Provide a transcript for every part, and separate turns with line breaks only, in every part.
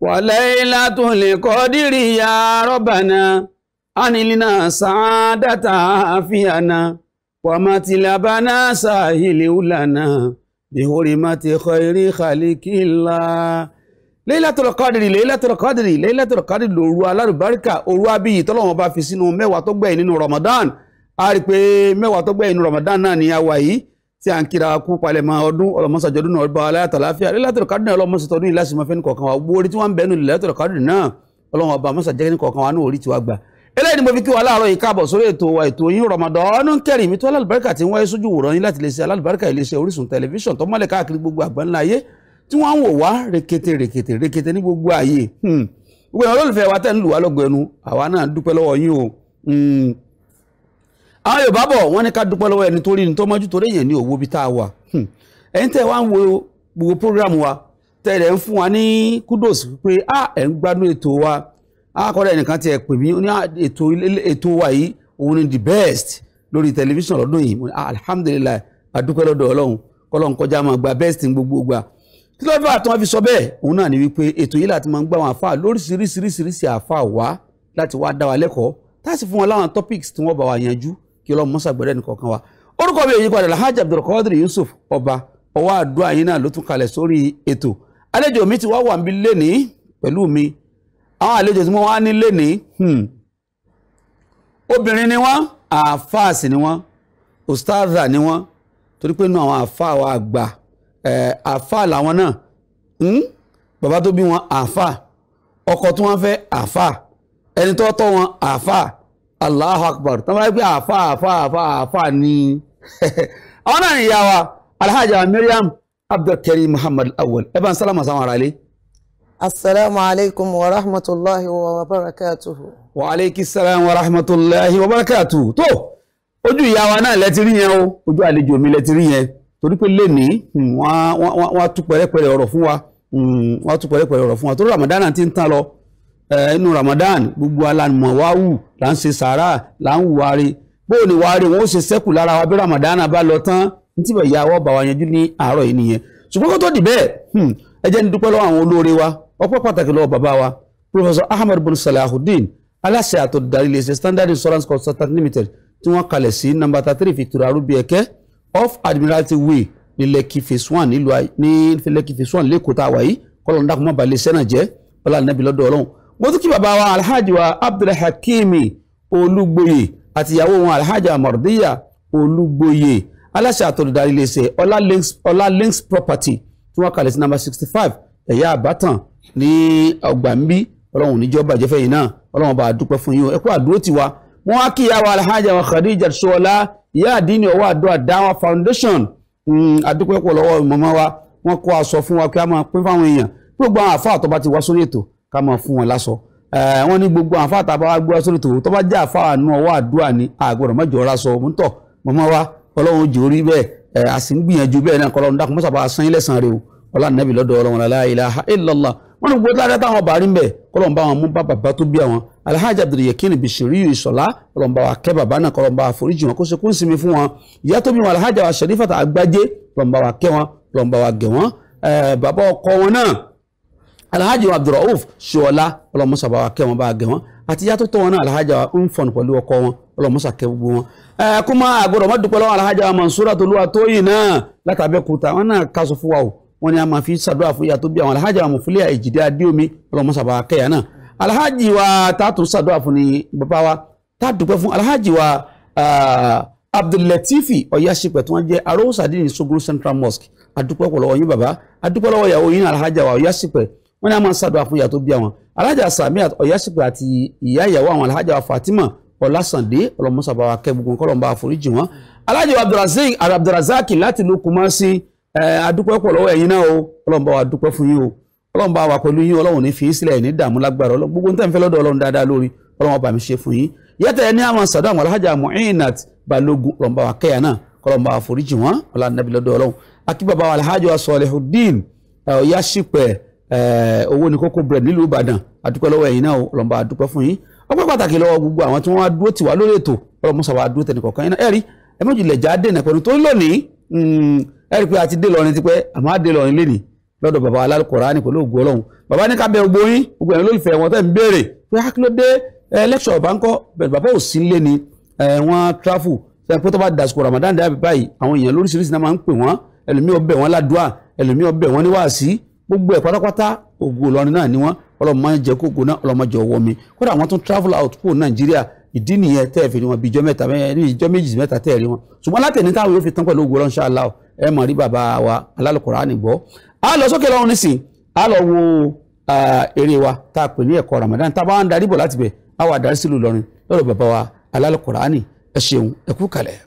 وليلة القدر يا ربنا أنلنا سعادة عافينا ومطلبنا سهل لنا بحرمة خير خلق الله Laylatul Qadri Laylatul Qadri Laylatul Qadri lòru alárùbáríkà òru abíyì tọ́lọ́wọ́n bá fi sínú mẹ́wàá tó gbẹ̀yìn nínú Ramadan a rí pé mẹ́wàá tó gbẹ̀yìn nínú Ramadan náà ni a wà yìí tí a ń kíra kú palẹ̀ mọ́ ọdún ọlọ́mọsàjọdún náà bá aláyàtọ̀ láfíà lẹ́tọ̀rọ̀ kádùnà ọlọ́mọsàtọ̀dún yìí láti mọ̀fẹ́ ní kọ̀ọ̀kan wa gbogbo orí tí wọ́n ń bẹ̀ẹ́nu lẹ́tọ̀rọ̀ kádùnà náà ọlọ́wọ́n ọba mọ́sàjẹ́ ní kọ̀ọ̀kan wa ní orí tiwa gbà. eléyìí ni mo fi kí wa láàárọ̀ yìí káàbọ̀ sórí ètò wa ètò yín Ramadan Kareem tó alálùbáríkà tí wọ́n sójú wòran yín láti lè ṣe alálùbáríkà iléeṣẹ́ Orísun tẹlifíṣàn tó rekete rekete rekete ní gbogbo ayé hmm. gbogbo ìyàwó olólùfẹ́ wa tẹ̀ ń lù wá lọ́gọ̀ ẹnu àwa náà dúpẹ́ àwọn yorùbá bọ̀ wọ́n ní ká dúpẹ́ lọ́wọ́ ẹni tó rí ni tó mọ́jú torí èèyàn ní òwò bí tá a wà hmm. ẹ̀yin tẹ́ wá ń wo gbogbo program wa tẹ̀lé ń fún wa ní kudos pé a ẹ̀ ń gbádùn ètò wa a kọ́dọ̀ ẹnìkan tiẹ̀ pè mí ní ètò wa yìí òun ni the best lórí tẹlifíṣàn lọ́dún yìí alhamdulilayi adúpẹ́ lọ́dọ̀ ọlọ́run kọ́lọ́n kọjá máa gba best ní gbogbo gbà kí ló bá tán fi sọ bẹ́ẹ̀ òun náà ni wípé ètò yìí láti máa ń gbà wọn àfa lóríṣiríṣiríṣiríṣi àfa wá láti wá dá wa lẹ́kọ̀ọ́ tá a sì fún wọn láwọn topics tí wọ́n bá wa yanjú kí ọlọ́run mọ́sà gbọ́dọ̀ ẹnì kọ̀ọ̀kan wa orúkọ mi èyí padà Alhaji Abdulkadir Yusuf ọba ọwọ́ àdúrà yín náà ló tún kalẹ̀ sórí ètò àlejò mi ti wá wà mí lénìí pẹ̀lú mi àwọn àlejò tí mo wá ní lénìí hmm. obìnrin ni wọ́n àáfàásì ni wọ́n ustaza ni wọ́n torí pé inú àwọn àáfàá wa àgbà àáfàá làwọn náà hmm. bàbá tó bí wọn àáfàá ọkọ tí wọ́n fẹ́ àáfàá ẹni tó tọ́ wọn àáfàá Allahu Akbar tó máa ń pè àfa àfa àfa àfa ni àwọn náà nìyá wa alhaja Mariam Abdulkarim Muhammad Awwal ẹ bá ń sálàmù sáwọn ará ilé.
Assalamu alaikum wa rahmatullahi wa barakatuhu.
Wa alaikis salam wa rahmatullahi wa barakatuhu. Tó ojú ìyá wa náà lẹ́ti rí yẹn o, ojú àlejò mi lẹ́ti yẹn. Torí pé lénìí, hmm, wọ́n á tú pẹ̀rẹ́pẹ̀rẹ́ ọ̀rọ̀ fún wa. Hmm, wọ́n á tú pẹ̀rẹ́pẹ̀rẹ́ ọ̀rọ̀ fún wa. Torí Ramadan ti ń tán lọ ẹnu Ramadan gbogbo alanmọ wa wù là ń ṣe sàárà là ń wùwárí o ní wàárí wọn ó ṣe sẹ́kù lára wa bí Ramadan bá lọ tán nítìbẹ̀ ìyá wa bá wa yanjú ní àárọ̀ yìí nìyẹn ṣùgbọ́n kó tó dì bẹ́ẹ̀ hmm, ẹ jẹ́ ní dúpẹ́ lọ́wọ́ àwọn olóore wa ọpẹ́ pàtàkì lọ́wọ́ bàbá wa Professor Ahmed bin Salahuddin aláṣẹ àtọ̀dàrí iléeṣẹ́ Standard Insurance Consultant Limited tí wọ́n kalẹ̀ sí number thirty three Victoria Arubieke off Admiralty Way ní Lekki phase one nílùú ní Lekki phase one lẹ́kọ̀ọ́ tá a wà yìí kọ́lọ́ọ̀dà kò má balẹ̀ iṣẹ́ náà jẹ́ ọlá nàbí lọ́dọ̀ Ọlọ́run mo tún kí bàbá wa alhaji wa abdulhakimi olúgbòye àtìyàwó wọn alhaja mardiya olúgbòye aláṣẹ àtọ̀dọ̀darí iléeṣẹ́ ọlá links property tí wọ́n kalẹ̀ sí nàmbà sixty five ẹ̀yà àbátan ní ọgbà ń bí ọlọ́run níjọba jẹ́fẹ́ yìí náà ọlọ́run bá dúpẹ́ fún yín o ẹ kú àdúró tiwa wọ́n á kí ìyàwó alhaja wa khadija ṣọlá ìyá àdínní ọwọ́ àdúrà dáwà foundation àdúpẹ́ hmm, pọ̀ lọ́wọ́ ìmọ̀mọ́ wa wọ́n kó aṣọ fún wa kí a máa pín fáwọn èèyàn gbogbo àwọn àfáà tó bá ti wá sórí ètò ká máa fún wọn láṣọ eh, wọ́n ní gbogbo àǹfà àtàbà wa gbúra sórí tòun tó bá jẹ́ àfa àánú ọwọ́ àdúrà ni àgbọ̀dọ̀ mọ́jọ láṣọ òmùtọ̀ mọ́mọ́ wa ọlọ́run jò rí bẹ́ẹ̀ eh, a sì ń gbìyànjú bẹ́ẹ̀ náà kọ́lọ́run dákun mọ́sàbà san ilẹ̀ san rèé o ọlànàbì lọ́dọ̀ ọlọ́run la ilaha illallah wọ́n ní gbogbo dáadáa táwọn bàárí ń bẹ̀ kọ́lọ́run bá wọn mú bá bàbá tó bí àwọn alhaji abdul yakin bishiri isola. kọ́lọ́run bá wa kẹ́ bàbá náà kọ́lọ́run bá wa foríjì wọn kó ṣe kún sinmi fún wọn ìyá tó bí wọn alhaji wa sharifata àgbájé kọ́lọ́run bá wa kẹ́ wọn kọ́lọ́run bá wa gẹ̀ wọn eh, bàbá ọkọ wọn náà alhaji abdulrauf ṣọlá ọlọmọṣà bá wa kẹ́ wọn bá a gẹ wọn àti yàtọ̀ tọ́ wọn náà alhaji ń fọnù pẹ̀lú ọkọ wọn ọlọmọṣà kẹ́ gbogbo wọn. ẹ kó máa àgbọ̀dọ̀ má dúpẹ́ lọ́wọ́ alhaji mansura tolúwa tóyìn náà látàbẹ́kúta wọn náà kásọ fún wa o wọn ni a máa fi ṣàdúrà fún yàtọ̀ bí àwọn alhaji amòfilẹ̀ èjìdé adéomi ọlọmọṣà bá wa kẹ́yà náà alhaji wa tààtù ṣàdúrà fún ni bàbá wa tàdúpẹ́ fún alhaji wa abdulatifi ọ̀yáṣípẹ̀ tí wọ́n jẹ́ arósàdínní sogoro central mosque adúpẹ́ pọ̀lọ́wọ́ yín bàbá adúpẹ́ lọ́wọ́ ìyàwó yín alhaji wa ọ̀yáṣípẹ̀ wọ́n ní a máa ń ṣàdúrà fún ìyá tó bí àwọn alájà samiat ọ̀yáṣípẹ̀ àti ìyá ìyàwó àwọn alájà fatima ọlásàndé ọlọmọsàbáwa kẹgbùgbọn kọlọmọba àforíjì wọn alájà abdulrazak abdulrazak láti ló Kumasi adúpẹ́ pọ̀ lọ́wọ́ ẹ̀yin náà o ọlọmọba wa dúpẹ́ fún yín o ọlọmọba wa pẹ̀lú yín ọlọ́run ní fi í sílẹ̀ ní dààmú lágbára gbogbo nǹkan fẹ́ lọ́dọ̀ ọlọ́run dáadáa lórí ọlọ́run bá mi ọ̀yáṣípẹ̀ Eh, owó ní kókó bread nílùú ìbàdàn àdúpẹ́ lọ́wọ́ ẹ̀yin náà ọlọ́mọba àdúpẹ́ fún yín ọpẹ́ pàtàkì lọ́wọ́ gbogbo àwọn tí wọ́n wá dúró tì lórí ètò ọlọ́mọsà wá dúró tẹnì kọ̀ọ̀kan yín náà ẹ̀rí ẹ méjì lẹ̀ já dènà pẹ̀lú tó lónìí hmm, ẹ̀rí pé a ti dé lọrin tipẹ́ àmọ́ a dé lọrin lẹ́nì lọ́dọ̀ bàbá Al-Qur'ani pẹ̀lú ògùn ọlọ́run bàbá ní ká bẹ gbogbo yín gbogbo ẹ̀yin olólùfẹ́ wọn tẹ̀ ń béèrè pé akílódé eh, lẹ́kṣọ̀ bá ń kọ́ bẹ̀rẹ̀ bàbá ò sí ń lé ni eh, wọ́n tráfù pé tó bá dasùkò Ramadan dábì báyìí àwọn èèyàn lóríṣiríṣi náà máa ń pè wọ́n ẹlòmíì ó bẹ̀ wọ́n ládùá ẹlòmíì ó gbogbo ẹ̀ pátápátá ògùn Ìlọrin náà ni wọ́n ọlọ́mọ jẹ́ kókó náà ọlọ́mọ jẹ́ ọwọ́ mi kódà wọ́n tún travel out kúrò Nàìjíríà ìdí nìyẹn tẹ́ ẹ̀ fi rí wọn bíi ijọ́ mẹ́ta ijọ́ méjì mẹ́ta tẹ́ ẹ̀ rí wọn ṣùgbọ́n látẹ̀ní táwọn yóò fi tán pẹ̀lú ògùn Ọlọ́run ṣáàlá ọ ẹ mọ̀ rí bàbá wa alálùkọ̀rọ̀ á nìgbọ́ á lọ sókè lọ́run nísìn á lọ wo eré wa tá a pè ní ẹ̀kọ́ Ramadan tá a bá ń darí bọ̀ láti bẹ̀ á wà darí sílùú Ìlọrin lọ́dọ̀ bàbá wa alálùkọ̀rọ̀ á nì ẹ ṣeun ẹ kú kalẹ̀.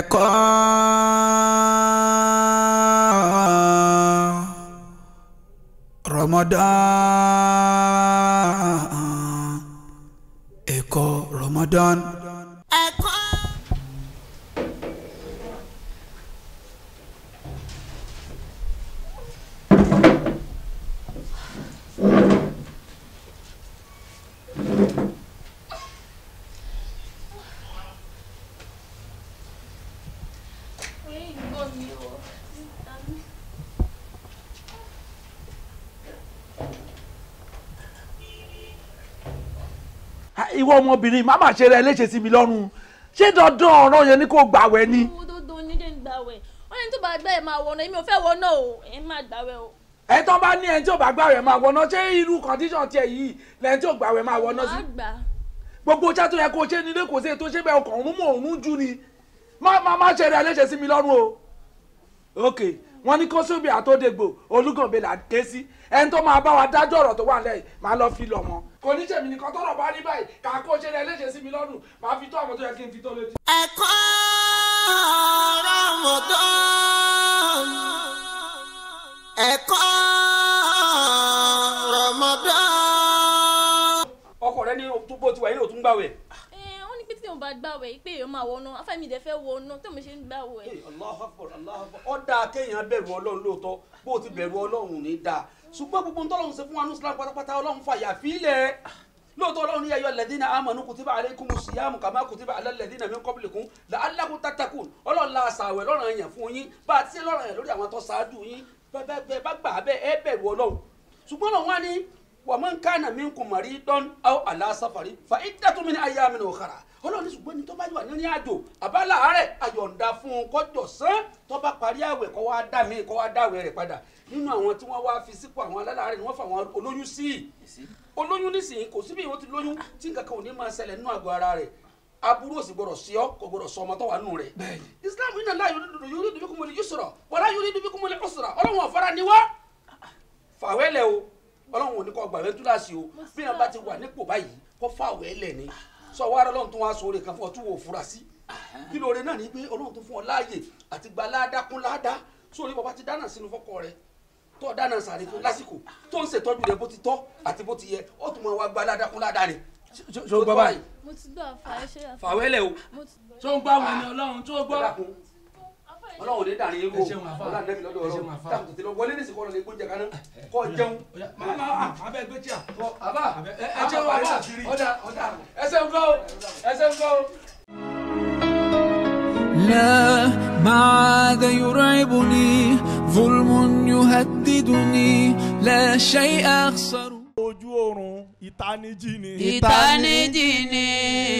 ẹ̀kọ́ Ramadan ẹ̀kọ́ Ramadan.
ọmọbìnrin má má ṣe rẹ léṣe sí mi lọ́rùn
ṣé dandan ọ̀ràn yẹn ni kò gbàwẹ̀ ni.
owó dandan ni dé ń gbàwẹ̀ wọ́n ní tó bá gbà ẹ̀ máa wọ̀nà èmi ò fẹ́ wọ̀nà o ẹ̀ máa gbàwẹ̀ o.
ẹ tán bá ní ẹni tí ò bá gbàwẹ̀ máa wọ̀nà ṣé irú condition tiẹ̀ yìí lẹ́ni tí ò gbàwẹ̀ máa wọ̀nà sí. gbogbo iṣẹ́ tó yẹ kó ṣe nílé kò sí ètò ṣé bẹ́ẹ̀ ọkàn òun mọ̀ òun jù ni má má ṣe rẹ léṣe sí mi lọ́rùn o.
ok wọ́n ní kó àtòdègbò olúgànbẹ̀là ké sí ẹni tó máa bá wa dájọ́ ọ̀rọ̀ tó wà lẹ́yìn máa lọ fi lọ̀ wọn. kò ní tèmi nìkan tọ́rọ̀ bá rí báyìí kà kó ṣe rẹ léṣe sí mi lọ́rùn máa fi tó àwọn yẹ kí n fi tó létí. ẹ̀kọ́ Ramadan
ẹ̀kọ́ Ramadan. ọkọ rẹ ní bó ti wà yìí ló tún gbàwẹ̀ eh,
tí mo bá gbàwẹ̀ yìí pé èèyàn máa wọnú afẹ́mi ìdẹ́fẹ́ wọnú tí mo ṣe ń gbàwẹ̀. Eh, Allahu Akbar Allahu Akbar ó dáa
kéèyàn bẹ̀rù Ọlọ́run lóòótọ́ bó o ti bẹ̀rù Ọlọ́run ní dáa
ṣùgbọ́n gbogbo ń tọ́lọ́run ṣe fún wa ní Islam pátápátá
ọlọ́run fa yàfi ilẹ̀ lóòótọ́ ọlọ́run ní ayọ̀ lẹ́dínà amanu kùtìbà aleikum siyamu kàmá kùtìbà alẹ́ lẹ́dínà min qablikum la alákùn tàtàkùn ọlọ́run la àṣàwẹ̀ lọ́ràn yẹn fún yín bá a ti lọ́ràn yẹn lórí àwọn tó ṣáájú yín bẹ́ẹ̀ bá gbà bẹ́ẹ̀ ẹ bẹ̀rù ọlọ́run ṣùgbọ́n lọ́wọ́ wa ni wa man kana minkum ọlọ́run ṣùgbọ́n ní tó bá wà nínú àjò àbálà àárẹ̀ àyọ̀ǹda fún un kọjọ sán tó parí àwẹ̀ kó wá dá mi kó wá dáwẹ̀ rẹ̀ padà nínú àwọn tí wọ́n wá fi sípò àwọn alálàárẹ̀ ni wọ́n fà àwọn olóyún sí i olóyún nísìnyí kò síbi ìwọ́n ti lóyún tí nǹkan kan ò ní máa ṣẹlẹ̀ nínú àgọ́ ara rẹ̀ aburú òsì gbọ́dọ̀ sí ọ kò gbọ́dọ̀ sọ ọmọ tó wà nù rẹ̀ Islam iná láà yóò rí dùbí sọ̀rọ̀ wàlá sọ wá rẹ lọ́run tó wá sóore kan fún ọ tó wò fura sí kí lóore náà ní pé ọlọ́run tó fún ọ láàyè àti gba láàdá kún láàdá sórí bàbá ti dáná sínú fọkọ rẹ tó dáná sàrí fún lásìkò tó ń ṣètọ́jú rẹ bó ti tọ́ àti bó ti yẹ ó tún mọ wá gba láàdá kún láàdá rẹ. ṣó gbọ́ báyìí.
mo ti gbọ́ fàwẹ́lẹ̀ o.
ṣó ń gbá wọn ah. ọlọ́run tó gbọ́ ọlọ́run ò ní dàrin irú o ọlọ́run àdẹ́bí lọ́dọ̀ ọlọ́run dàpọ̀ tètè wọlé ní ìsìnkú ọlọ́run ìgbóúnjẹ kaná kọ́ jẹun. abẹ́ gbé tíà. àbá ẹ jẹun àbá ọ̀dà ọ̀dà ẹsẹ̀ ń kọ́ o ẹsẹ̀ ń kọ́ o. لا ما يرعبني ظلم يهددني لا شيء أخسر
ìtanijí ni. ìtanijí ni.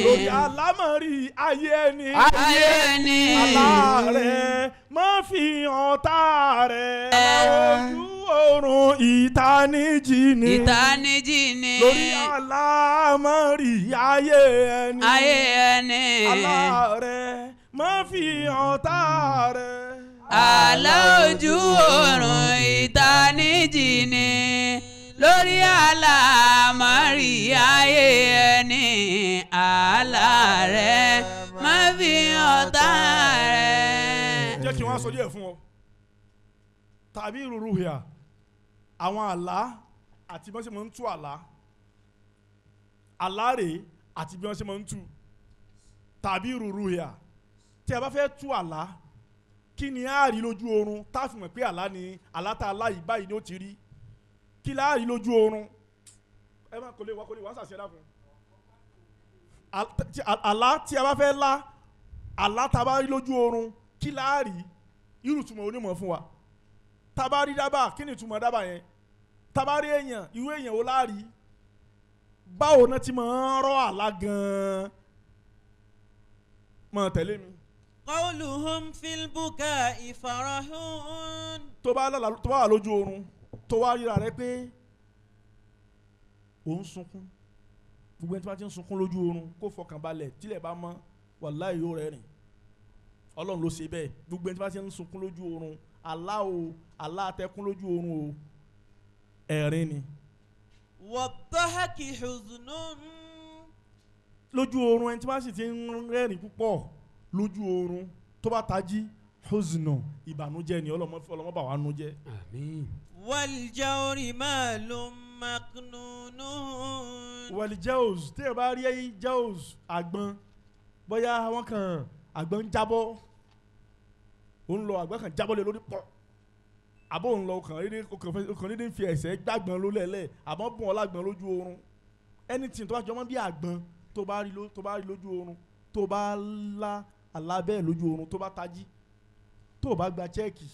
lórí àlámọ̀rí ayé ẹni. ayé ẹni. alárẹ̀ má fi hàn tá rẹ̀. ojú oorun ìtanijí ni. ìtanijí ni. lórí àlámọ̀rí ayé ẹni. ayé ẹni. alárẹ̀ má fi hàn tá rẹ̀. àlá ojú oorun
ìtanijí ni lórí àlàmárì ayé ẹni àlà rẹ
má fi ọ̀tá
rẹ.
jẹ́
kí wọ́n sọ díẹ̀ fún ọ tàbí ìrúru hìá àwọn àlá àti bí wọ́n ṣe máa ń tú àlá àlá rèé àti bí wọ́n ṣe máa ń tú tàbí ìrúru hìá tí a bá fẹ́ tú àlá kí ni a rí lójú oorun tá a fi mọ̀ pé àlá ni àlá tá a lá báyìí ni ó ti rí kí láàrí lójú oorun ẹ má kò lè wá kò lè wá sàṣẹ dàbọ àlá tí a bá fẹ́ lá àlá tá a bá rí lójú oorun kí láàrí irú ìtumọ̀ onímọ̀ fún wa tá a bá rí dábàá kí ni ìtumọ̀ dábàá yẹn tá a bá rí èèyàn irú èèyàn ó láàrí báwo náà ti máa ń rọ àlá gan-an mọ tẹ̀lé mi. qawluhum fil buka ìfarahun. tó bá wà lójú oorun tó wá ríra rẹ pé òun sunkún gbogbo ẹni tí wọ́n ti ń sunkún lójú oorun kó fọkàn balẹ̀ tílẹ̀ bá mọ́ wàláì yóò rẹ̀ rìn ọlọ́run ló ṣe bẹ́ẹ̀ gbogbo ẹni tí wọ́n ti ń sunkún lójú oorun Allah o Allah atẹ́kún lójú oorun o ẹ̀rín ni. wọ́tọ́hẹ́kì hùzùnún. lójú oorun ẹni tí wọ́n sì ti ń rẹ́rìn púpọ̀ lójú oorun tó bá tají hùzùnù ìbànújẹ́ ni ọlọ́mọ bá wà nú jẹ́. àmín wàlìjáórì máa ló máknúnú. wàlìjáòs téèyàn bá rí ẹyin jáòs àgbọn bóyá wọn kàn àgbọn ń jábọ́ òun lọ àgbọn kan jábọ́ lé lórí pọ̀ àbọ̀ òun lọ ọkàn nídìí fi ẹsẹ̀ gbàgbọ́n ló lẹ́lẹ̀ àbọ̀ bùn ọ́ lágbọ́n lójú oorun anything tó bá jọ mọ́ bí àgbọn tó bá rí lójú oorun tó bá lá àlá lójú oorun tó bá tají tó bá gba chẹ́ẹ̀kì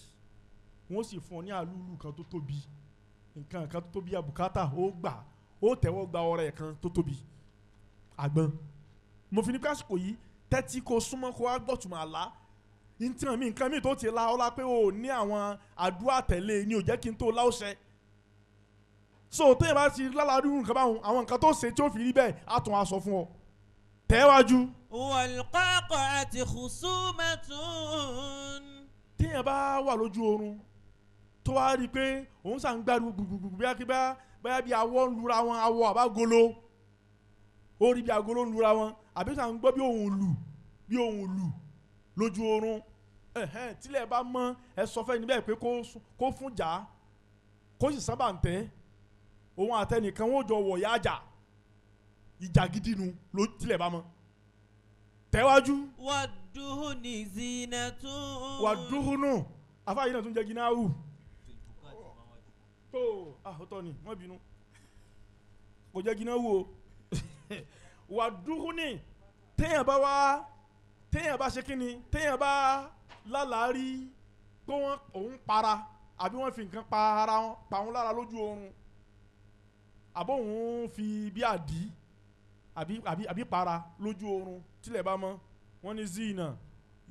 wọ́n sì fún ọ ní àlùlù kan tó tóbi nǹkan kan tó tóbi àbùkátà ó gbà ó tẹ́wọ́ gba ọrẹ kan tó tóbi àgbọn mo fi ní kásìkò yìí tẹ́tí kó súnmọ́ kó wá gbọ̀tùmọ̀ àlá ntìmọ̀ mi nǹkan mi tó ti la ọlá pé o ní àwọn àdúrà tẹ̀lé e, ni ò jẹ́ kí n tó láwùsẹ̀ so téèyàn bá ti lálàádúró nǹkan báwọn àwọn nǹkan tó ṣe tí ó fi rí bẹ́ẹ̀ á tún aṣọ fún ọ tẹ́wájú. wàlúkọ́kọ́ àti kùsùmẹ́tún. téèyàn bá wà lójú oorun tó wá rí i pé òun sàn gbàdúrà gbùgbùgbù bí akíbá báyà bí awọ ń lura wọn awọ àbágolo ó rí bí agolo ń lura wọn àbí sàn gbọ́ bí òun lù bí òun lù lójú oorun tílẹ̀ bá mọ́ ẹ sọ fẹ́ níbẹ̀ pé kó fún jà kó sì sábà ń tẹ́ òun àtẹnìkan wọn ò jọ wọ̀ yá jà ìjà gidi nu ló tilẹ̀ bá mọ́ tẹ́wájú. wàdúhùn ní zinatun. wàdúhùn nù afáyín náà tún jẹ́ gínáwù tó àhótọ́ ah, ni wọ́n bínú kò jẹ́ gíná wò wà dúró ní téèyàn bá wá téèyàn bá ṣe kí téèyàn bá lálàárí pé wọ́n òun para àbí wọ́n fi nǹkan pa ara wọn pa òun lára lójú oorun àbó òun fi bí àdí àbí àbí àbí para lójú oorun tílẹ̀ bá mọ́ wọ́n ní zina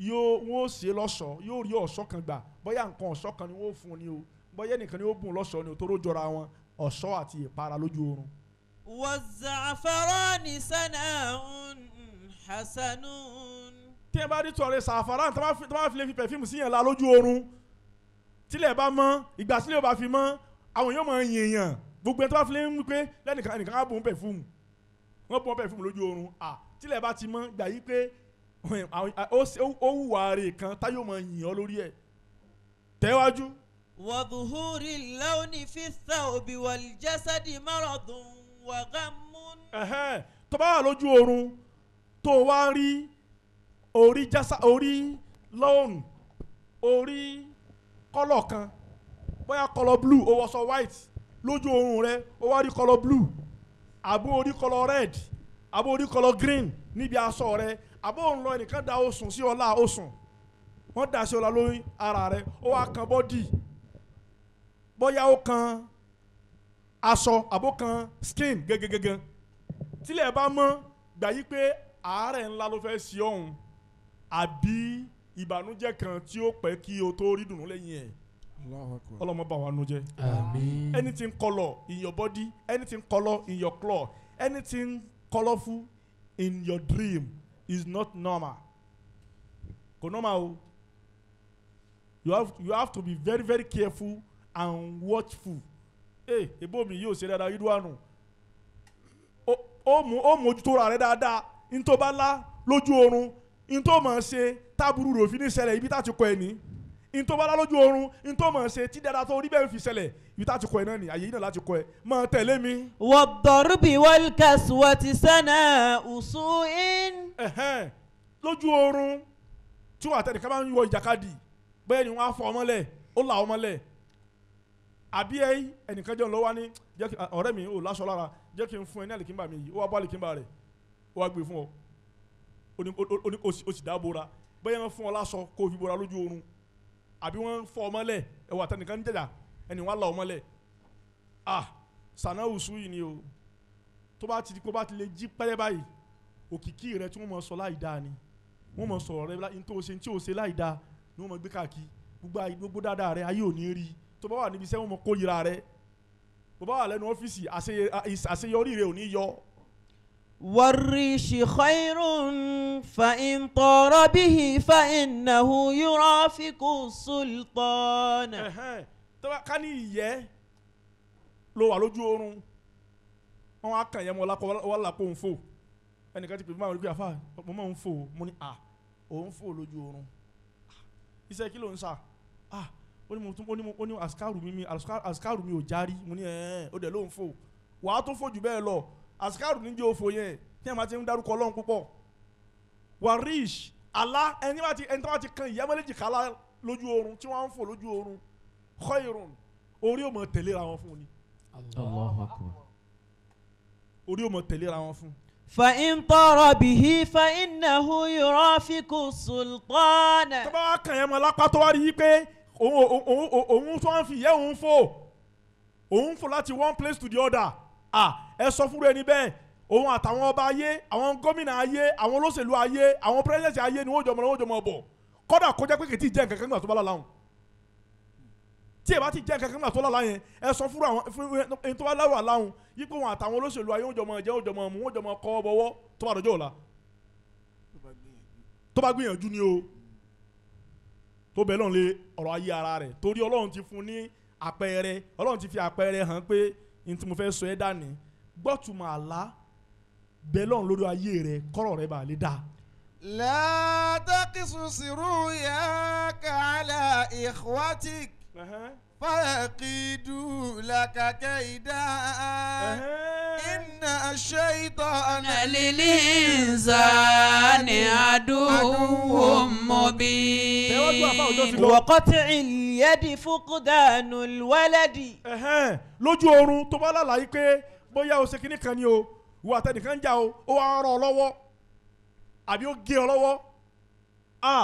yóò wọ́n ó ṣe lọ́ṣọ̀ọ́ yóò rí ọ̀ṣọ́ kan gbà bóyá nǹkan ọ̀ṣọ́ kan ni wọ́n fún un ní o bọ́yẹ́ nìkan ni ó bùn lọ́sọ̀ọ́ ni ò tóró jọra wọn ọ̀ṣọ́ àti ìpara lójú oorun.
wàzàfàrọ́ọ̀nì sanahun hasanun.
tí ẹ bá rí tọ̀rẹ́ sàfàrà tó bá fi pẹ̀fíìmù sí yẹn la lójú oorun tílẹ̀ bá mọ́ ìgbà sílẹ̀ ò bá fi mọ́ àwọn yóò máa yìn yàn gbogbo ẹ̀ tó bá fi lé ń pé lẹ́nìkan ẹnìkan á bùn pẹ̀fíìmù wọ́n bùn pẹ̀fíìmù lójú oorun à tílẹ̀ bá ti mọ́ gbà yí pé ó wùwà rè kan táyọ̀ máa yìn ọ́ lórí ẹ̀ tẹ́wájú وظهور اللون في الثوب والجسد مرض وغم. ẹ̀hẹ́n tó bá wà lójú oorun tó wá rí orí jásá orí lọ́ọ̀nù orí kọ́lọ̀ kan bóyá kọ́lọ̀ blue ó wọṣọ white lójú oorun rẹ ó wá rí kọ́lọ̀ blue àbó orí kọ́lọ̀ red àbó orí kọ́lọ̀ green níbi aṣọ rẹ àbó òun lọ ẹnìkan da osùn sí ọlá osùn wọ́n dà sí ọlá lórí ara rẹ ó wá kan bọ́dì bóyá ó kan aṣọ àbó kan skin gẹ́gẹ́gẹ́gẹ́ tílẹ̀ bá mọ́ gbà yí pé àárẹ̀ ńlá ló fẹ́ ṣe ọ̀hún àbí ìbànújẹ́ kan tí ó pẹ́ kí o tó rí dùnú lẹ́yìn ẹ̀ ọlọmọ bá wa nu jẹ àmín anything colour in your body anything colour in your claw anything colourful in your dream is not normal kò normal o you have, you have to be very very careful and watchful ee eh, ebo mi yóò ṣe dáadáa ridwanu ó mú ó mójútó ra rẹ dáadáa ntó bá lá lójú oorun ntó mọ̀ ṣe tábúrú rò fi ní ṣẹlẹ̀ ibi tá a ti kọ ẹ̀ ní ntó bá lá lójú oorun ntó mọ̀ ṣe tí dáadáa tó rí bẹ́ẹ̀ fi ṣẹlẹ̀ ibi tá a ti kọ ẹ̀ náà ni àyè yìí náà láti kọ ẹ̀ mọ̀ tẹ̀lé mi. wad-darbi wal-kaswati sana'u su'in. lójú oorun tí wọn àtẹnìkan bá ń yọ ìjàkadì bẹ́ẹ̀ ni wọ́n á fọ ọmọlẹ̀ ó là ọmọlẹ̀ àbí ẹ ẹnìkan jẹ́ lọ́wọ́ ní ọ̀rẹ́ mi ò láṣọ lára jẹ́ kí n fún ẹ ní àlìkínbà mi yìí ó wá bọ́ àlìkínbà rẹ̀ ó wá gbé fún ọ ó sì dábòra bẹ́ẹ̀ wọ́n fún ọ láṣọ kó o fi bora lójú oorun àbí wọ́n fọ ọmọlẹ̀ ẹ̀wọ̀ àtẹnìkan ń jẹ̀jà ẹni wọ́n la ọmọlẹ̀ ah sànáwó sùn yìí ni o tó bá ti kó bá ti lè jí pẹ́rẹ́ báyìí òkìkí rẹ tí wọ́n mọ sọ láì dáa ni wọ́n mọ sọ̀rọ̀ tó bá wà níbi iṣẹ́ wọn kó yira rẹ bó wà lẹ́nu ọ́fíìsì àṣeyọrí rẹ ò ní yọ. والريش خير فإن طار به فإنه يرافق السلطان. tó bá ká ní ìyẹ́ ló wà lójú oorun wọn á kàn yẹn mọ lakọ wọn làpọ̀ òun fò ẹnìkan ti pè fún àwọn olùgbé àfa mo máa ń fò mo ní à òun fò lójú oorun iṣẹ́ kí ló ń sà à ó ní mo tún ó ní mo ó ní àsìkárù mi mi àsìkárù mi ò járí mo ní ẹ̀ẹ́n ó dẹ̀ ló ń fò wàá tó fò jù bẹ́ẹ̀ lọ àsìkárù níjẹ́ òfò yẹn tí ẹ̀ máa ti ń darúkọ ọlọ́run púpọ̀ warish Allah ẹni tí wọ́n ti kan ìyá méjèèjì kálá lójú oorun tí wọ́n ń fò lójú oorun khairun orí ò mọ̀ tẹ̀léra wọn fún ni. orí ò mọ̀ tẹ̀léra wọn fún. فإن طار به فإنه يرافق السلطان. tó bá kàn yẹn mọ́ lápá tó wá rí i pé òun tó ń fi ìyá òun fò òun fò láti one place to the other ah ẹ sọ fúnra ẹni bẹ́ẹ̀ òun àtàwọn ọba ayé àwọn gómìnà ayé àwọn olóṣèlú ayé àwọn pírẹsidẹ̀ntì ayé ni wọ́n jọmọ wọ́n jọmọ bọ̀ kọ́dà kọjá pé kìtì jẹ́ nǹkan kan nígbà tó bá lọ́la wọn tí ẹ bá ti jẹ́ nǹkan kan nígbà tó lọ́la yẹn ẹ sọ fúnra àwọn ẹni tó bá láwọ àlá wọn yípo wọn àtàwọn olóṣèlú ayé wọ́n jọmọ jẹ́ wọ́n jọmọ mú wọ́n jọmọ kọ́ bọ́wọ́ tó bá dọjọ́ ọ̀la tó bá gbìyànjú ni o tó bẹ́ẹ̀ lọ́n lé ọ̀rọ̀ ayé ara rẹ̀ torí ọlọ́run ti fún ní àpẹẹrẹ ọlọ́run ti fi àpẹẹrẹ hàn pé n tí mo fẹ́ sọ ẹ́ dànù gbọ́tùmọ̀ àlá bẹ́ẹ̀ lọ́n lórí ayé rẹ̀ kọ́rọ̀ rẹ̀ bá lè dáa. لا تقص رؤياك على إخوتك فأقيدوا لك كيدا إن الشيطان
للإنسان عدو مبين وقطع اليد
فقدان الولد lójú oorun tó bá lálàá yìí pé bóyá o ṣe kinní kan ni o wo àtẹnìkan jà o ó wá rán ọ lọ́wọ́ àbí ó gé ọ lọ́wọ́ a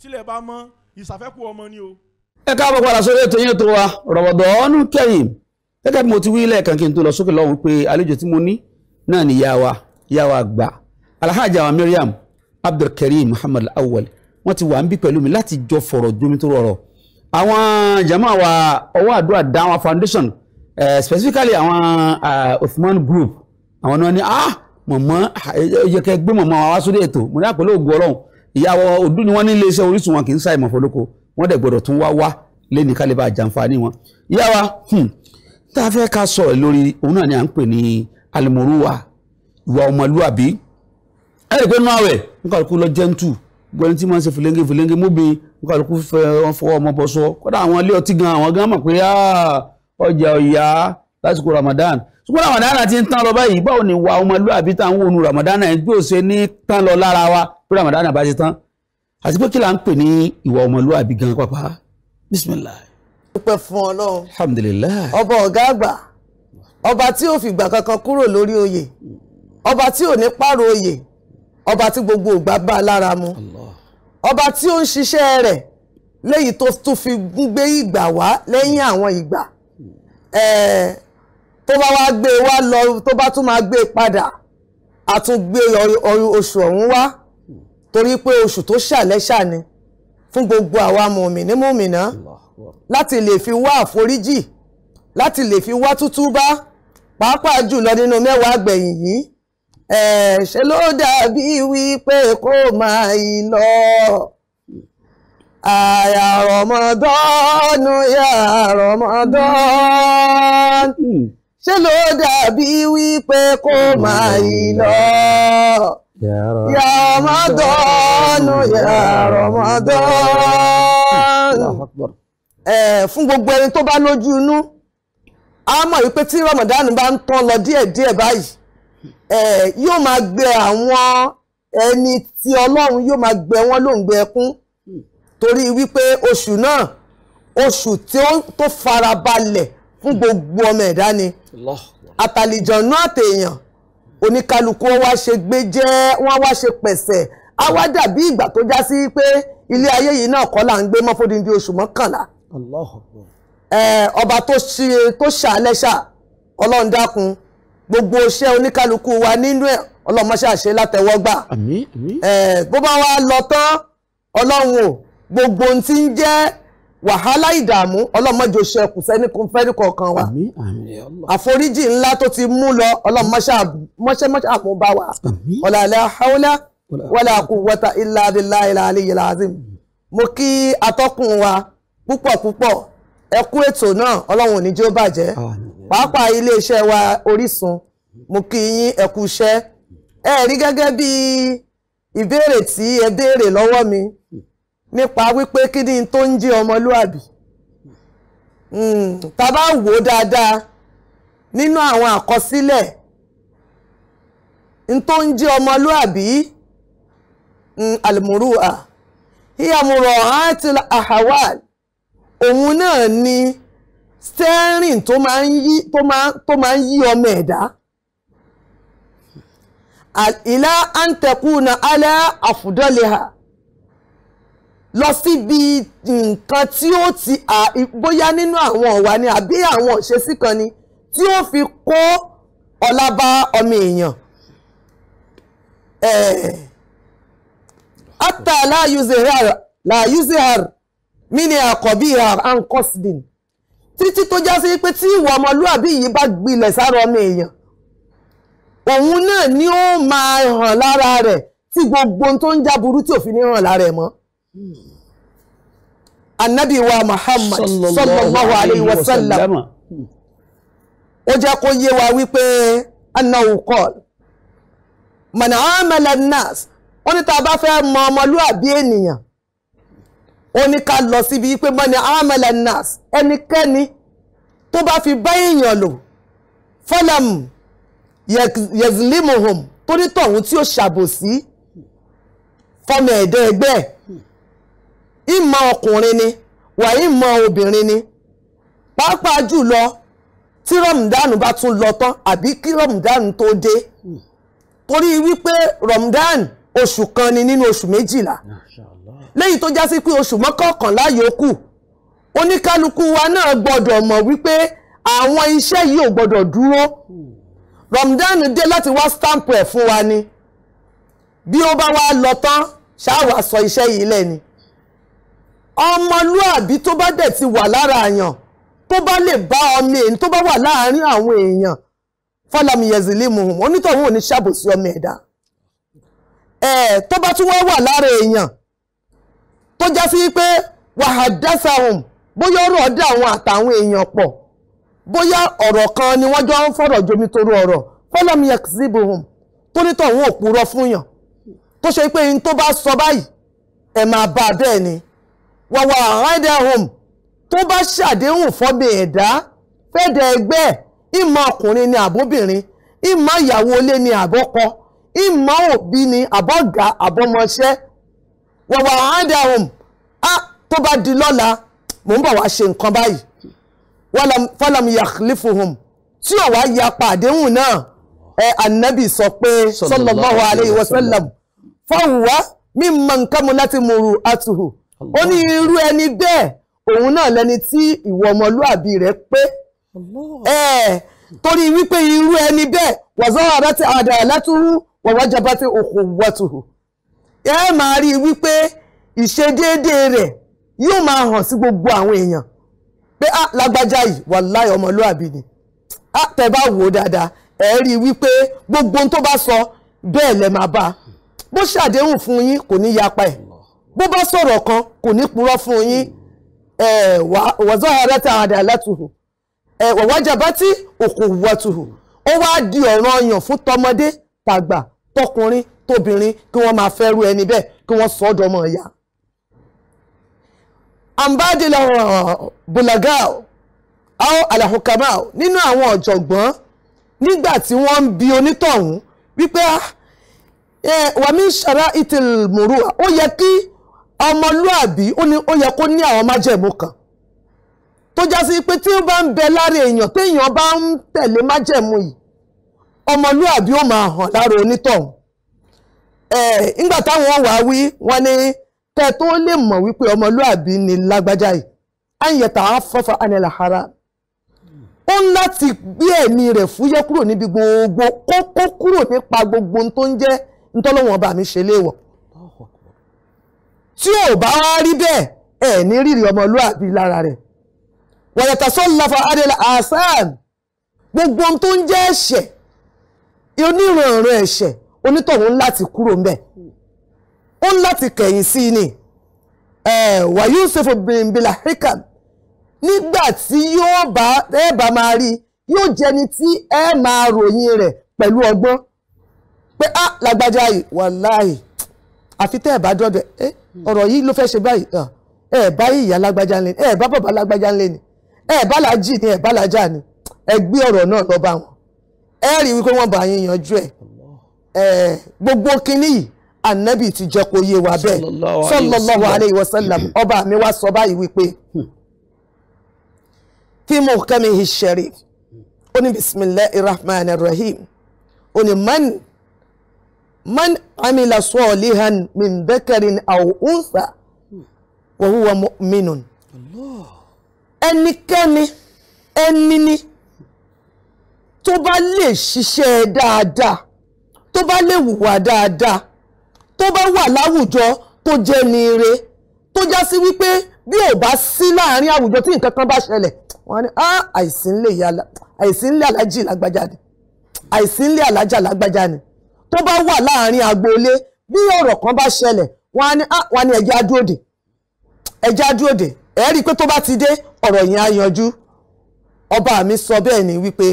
tilẹ̀ bá mọ ìsàfẹ́kù ọmọ ni o
ẹ káàbọ̀ padà sórí ètò yín ètò wa rọ̀bọ̀dọ̀ọ́nù kẹ́yìn gẹ́gẹ́ bí mo ti wí lẹ́ẹ̀kan kí n tó lọ sókè lọ́hùn pé àlejò tí mo ní náà ni ìyá wa ìyá wa àgbà alhaja Abdulkareem Muhammad Awwal wọ́n ti wà ń bí pẹ̀lú mi láti jọ fọ̀rọ̀ jomi tó rọrọ̀ àwọn jama wa ọwọ́ àdúrà dáwọn foundation eh, specifically àwọn Othman ah, group àwọn náà ni ah mọ̀mọ́ ẹ̀yẹ kẹ́ gbé mọ̀mọ́ wa wá sórí ètò mo ní àpẹẹrẹ ògùn ọlọ́run ìyá wa wọ́n dẹ̀ gbọ́dọ̀ tún wá wá lẹ́ni ká lè jàǹfààní wọn. ìyá wa hmm, tá a fẹ́ ká sọ̀rọ̀ lórí òun náà ni à ń pè ní alimoruwa ìwà ọmọlúwàbí ẹ̀rì pé nínú àwẹ̀ nǹkan àlùkù lọ jẹ́ntù gbẹ́ni tí wọ́n ń ṣe fìlẹ́ńgé fìlẹ́ńgé móbi nǹkan àlùkù fọwọ́ ọmọ bọ̀ sọ kódà àwọn ilé ọtí gan àwọn gan mọ̀ pé ọjà ọ̀yà lásìkò Ramadan ṣùgbọ́n Ramadan ti ń tán lọ báyìí báwo ni ìwà ọmọlúwàbí táwọn òun Ramadan ẹ̀ gbé òṣè ní tán lọ lára wa pé Ramadan bá ti tán àti pé kí là ń pè ní ìwà ọmọlúwàbí gan pàpà bisimilah.
dúpẹ́ fún ọlọ́run
alhamdulillah
ọba ọ̀gá àgbà ọba tí ò fìgbà kankan kúrò lórí oyè ọba tí ò ní pààrọ̀ oyè ọba tí gbogbo ògbà bá lára mu ọba tí ó ń ṣiṣẹ́ rẹ̀ léyìí tó tún fi gbé ìgbà wá lẹ́yìn àwọn ìgbà tó bá wá gbé e wá lọ tó bá tún máa gbé e padà àtúngbé oṣù ọ̀hún wá torí pé oṣù tó ṣàlẹ́ ṣàní fún gbogbo àwa mùmìnì mùmìnà láti lè fi wá àforíjì láti lè fi wá tútúbá pàápàá jùlọ nínú mẹ́wàá gbẹ̀yìn yìí ẹ̀ ṣe ló dàbí wípé kó máa ì lọ àyà rọmọdọ́nù yà rọmọdọ́nù hmm. ṣe ló dàbí wípé kó máa ì lọ. يا رمضان يا رمضان fún gbogbo ẹni tó bá lójú inú a mọ̀ wípé tí Ramadan bá ń tán lọ díẹ̀díẹ̀ báyìí yóò máa gbé àwọn ẹni tí Ọlọ́run yóò máa gbé wọn lóǹgbẹ ẹkún torí wípé oṣù náà oṣù tó farabalẹ̀ fún gbogbo ọmọ ẹ̀dá ni àtàlìjọ̀nú àtèèyàn oníkálukú wa wá ṣe gbé jẹ́ wọn wá ṣe pẹ̀sẹ̀ á wá dàbí ìgbà tó já sí pé ilé ayé yìí náà kọ́ là ń gbé oṣù mọ́kànlá. ọba tó ọlọ́run dákun gbogbo iṣẹ́ oníkálukú wa nínú ẹ̀ ọlọ́run látẹ̀wọ́gbà. bó bá wa lọ tán gbogbo ohun tí ń wàhálà ìdààmú ọlọ́mọdé oṣù ẹkù sẹ́ni kún fẹ́ni kọ̀ọ̀kan wa àforíjì ńlá tó ti mú lọ ọlọ́mọṣẹ́ àmúbá wa ọ̀làlẹ́ àhọ́lá wala quwwata ilá billahi ilá aliyyil azim mo kí atọ́kùn wa púpọ̀ púpọ̀ ẹ kú ètò náà ọlọ́run ò ní jẹ́ ó bàjẹ́ pàápàá iléeṣẹ́ wa Orísun mo kí yín ẹ kú iṣẹ́ ẹ rí gẹ́gẹ́ bí ìbéèrè tí ẹ béèrè lọ́wọ́ mi nípa wípé kí ni tó ń jẹ́ ọmọlúàbí hmm, tá a bá wò ó dáadáa nínú àwọn àkọsílẹ̀ n tó ń jẹ́ ọmọlúàbí hmm, almuru'a hiya mura'atil ahawal òun náà ni steering tó máa ń yí tó ọmọ ẹ̀dá ila an takuna ala afdaliha. lọ síbi nǹkan tí ó ti bóyá nínú àwọn ọ̀wà ni àbí àwọn ìṣesí kan ni tí ó fi kó ọlá bá ọmọ èèyàn ata láàyùzehar láàyùzehar mí ni àkọ́bí ankosdin títí tó já sí pé tí ìwà ọmọlúàbí yìí bá gbilẹ̀ sára ọmọ èèyàn òun náà ni ó máa hàn lára rẹ̀ tí gbogbo tó ń jáburú tí òfin ní hàn lára ẹ̀ mọ́ anabi wa muhammad sallallahu alayhi wa sallam ó jẹ́ kó yé wa wípé annahu qala man amala an-nas ó ní tá a bá fẹ́ mọ ọmọlúàbí ènìyàn ó ní ká lọ síbi pé man amala an-nas ẹnikẹ́ni tó bá fi bá èèyàn lò falam yazlimuhum tó ní tọ̀hún tí ó ṣàbòsí fọmọ ẹ̀dẹ́ ẹgbẹ́ ìmọ̀ ọkùnrin ni wà ìmọ̀ obìnrin ni pàápàá jùlọ tí rọ̀mùdánù bá tún lọ tán àbí kí rọ̀mùdánù tó dé torí wípé rọ̀mùdánù oṣù kan ni nínú oṣù méjìlá lẹ́yìn tó já sí pé oṣù mọ́kànlá yòókù oníkálukú wa náà gbọ́dọ̀ mọ̀ wípé àwọn iṣẹ́ yìí ò gbọ́dọ̀ dúró rọ̀mùdánù dé láti wá stamp ẹ̀ fún wa ni bí ó bá wá lọ tán ṣáà wá sọ iṣẹ́ yìí lẹ́ni ọmọlúàbí tó bá dẹ̀ ti wà lára àyàn tó bá lè bá ọmọ èyí tó bá wà láàrin àwọn èèyàn fọlámìyẹzìlímù onítọ̀hún ò ní ṣàbòsí ọmọ ẹ̀dá ẹ̀ tó tún wá wà lára èèyàn tó já sí pé bóyá ọdẹ àwọn àtàwọn kan ni wọ́n jọ ń fọ̀rọ̀ jomi ọ̀rọ̀ tónítọ̀hún ò purọ́ fún yàn tó ṣe pé wàwà àádẹ́hùn tó bá ṣàdéhùn fọ́bi ẹ̀dá fẹ́dà ẹgbẹ́ ìmọ̀ ọkùnrin ni àbóbìnrin ìmọ̀ ìyàwó ilé ni àbọ́kọ ìmọ̀ òbí ni àbọ̀gá àbọ̀mọṣẹ́ wàwà àádẹ́hùn á tó bá di lọ́la mò ń bọ̀ wá ṣe nǹkan báyìí fọlọ́mù yàkìlífùhùn tí ò wá yapa àdéhùn náà ẹ ànábì sọ pé sallallahu alayhi wa sallam fọwọ́ mímọ nǹkan mu láti mú àtùhù ó ní irú ẹni bẹ́ẹ̀ òun náà lẹni tí ìwà ọmọlúàbí rẹ̀ pé torí wípé irú ẹni bẹ́ẹ̀ wàzọ́ àbátí àdàrà látúrú wàwájàbá tí òkú wọ́tùhù ẹ máa rí wípé ìṣedéédé rẹ̀ yóò máa hàn sí gbogbo àwọn èèyàn pé ah lágbájá yìí wàláì ọmọlúàbí ni ah tẹ́ bá wò ó dáadáa ẹ rí wípé gbogbo ohun tó bá sọ bẹ́ẹ̀ lẹ máa bá bó ṣàdéhùn fún yín kò ní yapa ẹ̀ bó bá sọ̀rọ̀ kan kò ní purọ́ fún yín wọ́zọ́ ara tá a dà látùhù wàwájàbátì òkò wàtùhù ó wáá di ọ̀ranyàn fún tọmọdé tàgbà tọkùnrin tóbìnrin kí wọ́n máa fẹ́rù ẹni bẹ́ẹ̀ kí wọ́n sọ ọ́dọ̀ ọmọ ìyá. ambadila bulagao ao alahukamao nínú àwọn ọ̀jọ̀gbọ́n nígbà tí wọ́n ń bi onítọ̀hún wípé wàmí ṣara ìtìlmùrùwà ó yẹ kí ọmọlúàbí ó yẹ kó ní àwọn májẹ̀mú kan tó já sí pé tí ó bá ń bẹ lára èèyàn téèyàn bá ń tẹ̀lé májẹ̀mú yìí ọmọlúàbí ó máa hàn lára onítọ̀hún nígbà táwọn wà wí ní kẹ́ tó lè mọ̀ wípé ọmọlúàbí ni lágbájá yìí àyẹ̀tà afọ́fà ó ń láti gbé ẹ̀mí rẹ̀ fúyẹ́ kúrò níbi gbogbo kókó kúrò nípa gbogbo tó ń jẹ́ ọba mi ṣe tí ò bá wá rí bẹ́ẹ̀ ẹ̀ ní rírì ọmọlúàbí lára rẹ̀ wàyàtàsó lafa adela hasan gbogbo ohun tó ń jẹ́ ẹ̀ṣẹ̀ onírànràn ẹ̀ṣẹ̀ onítọ̀hún láti kúrò ń bẹ̀ ó ń láti kẹ̀yìn sí i ni wà Yusuf bìnbìlà hikam nígbà tí yóò bá ẹ bá máa rí yóò jẹni tí ẹ máa ròyìn rẹ̀ pẹ̀lú ọgbọ́n pé ah lágbájá yìí wàláhì àfi tẹ́ ẹ̀ bá dọ́dọ̀ ẹ eh, ọ̀rọ̀ yìí ló fẹ́ ṣe báyìí ẹ ah, ẹ bá ìyá lágbájá ńlẹ̀ ni ẹ bá bàbá lágbájá ńlẹ̀ ni ẹ bá làájì ni ẹ bá làájà ni ẹ gbé ọ̀rọ̀ náà lọ bá wọn ẹ rí wípé wọ́n bá yín yanjú ẹ̀ gbogbo kinní yìí ànábì ti jẹ́ kó yé wa bẹ́ẹ̀ sallallahu alayhi wa sallam ọba mi wá sọ báyìí wípé fi muhkamihi sharif ó ní bismillahir rahmanir rahim ó ní man man amila salihan min dhakarin aw untha wa huwa mu'minun ẹnikẹ́ni ẹni ni tó bá lè ṣiṣẹ́ dáadáa tó bá lè wùwà dáadáa tó bá wà láwùjọ tó jẹ́ ni ire tó já sí wípé bí ò bá sí láàrin àwùjọ tí nǹkan kan bá ṣẹlẹ̀ wọ́n ní ah, àìsí ńlẹ̀ alájì lágbájá ni àìsí ńlẹ̀ alájà lágbájá ni tó bá wà láàrin agboolé bí ọ̀rọ̀ kan bá ṣẹlẹ̀ wọ́n á ní ah, wọ́n á ní ẹ̀jẹ̀ adúródè ẹ̀jẹ̀ adúródè ẹ̀ rí i pé tó bá ti dé ọ̀rọ̀ yẹn á yanjú ọba mi sọ bẹ́ẹ̀ ni wípé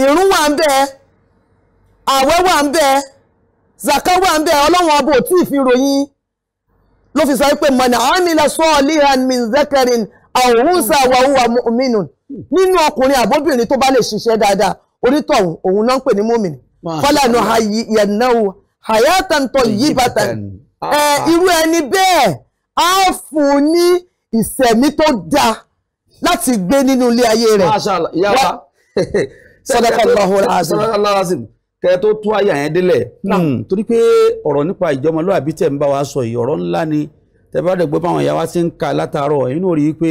ìrun wà ń bẹ àwẹ̀ wà ń bẹ zaka wà ń bẹ ọlọ́run ọba ò tí ì fi ròyìn ló fi sọ pé mọ̀nà àmìlẹ̀ sọ́ọ̀lìhàn min zakarin àwòrúnṣà wàhùwà mọ́mìnù nínú ọkùnrin àbóbìnrin tó bá lè ṣiṣẹ́ dáadáa onítọ̀hún òun náà ń pè ní mọ́mìnì fọlànà yẹnáwó hayatan tayyibatan ẹ eh, ah, ah. irú ẹni bẹ́ẹ̀ á fún un ní ìsẹ̀mí tó dáa láti gbé nínú ilé ayé rẹ̀. sadakallahu alazim. sadakallahu alazim
kẹ tó tú àyà yẹn délẹ̀ hmm, torí pé ọ̀rọ̀ nípa ìjọmọlúwàbí tẹ̀ ń bá wa sọ yìí ọ̀rọ̀ ńlá ni tẹ bá dẹ̀ gbé báwọn ìyá ń ka látàárọ̀ ẹ̀yin rí pé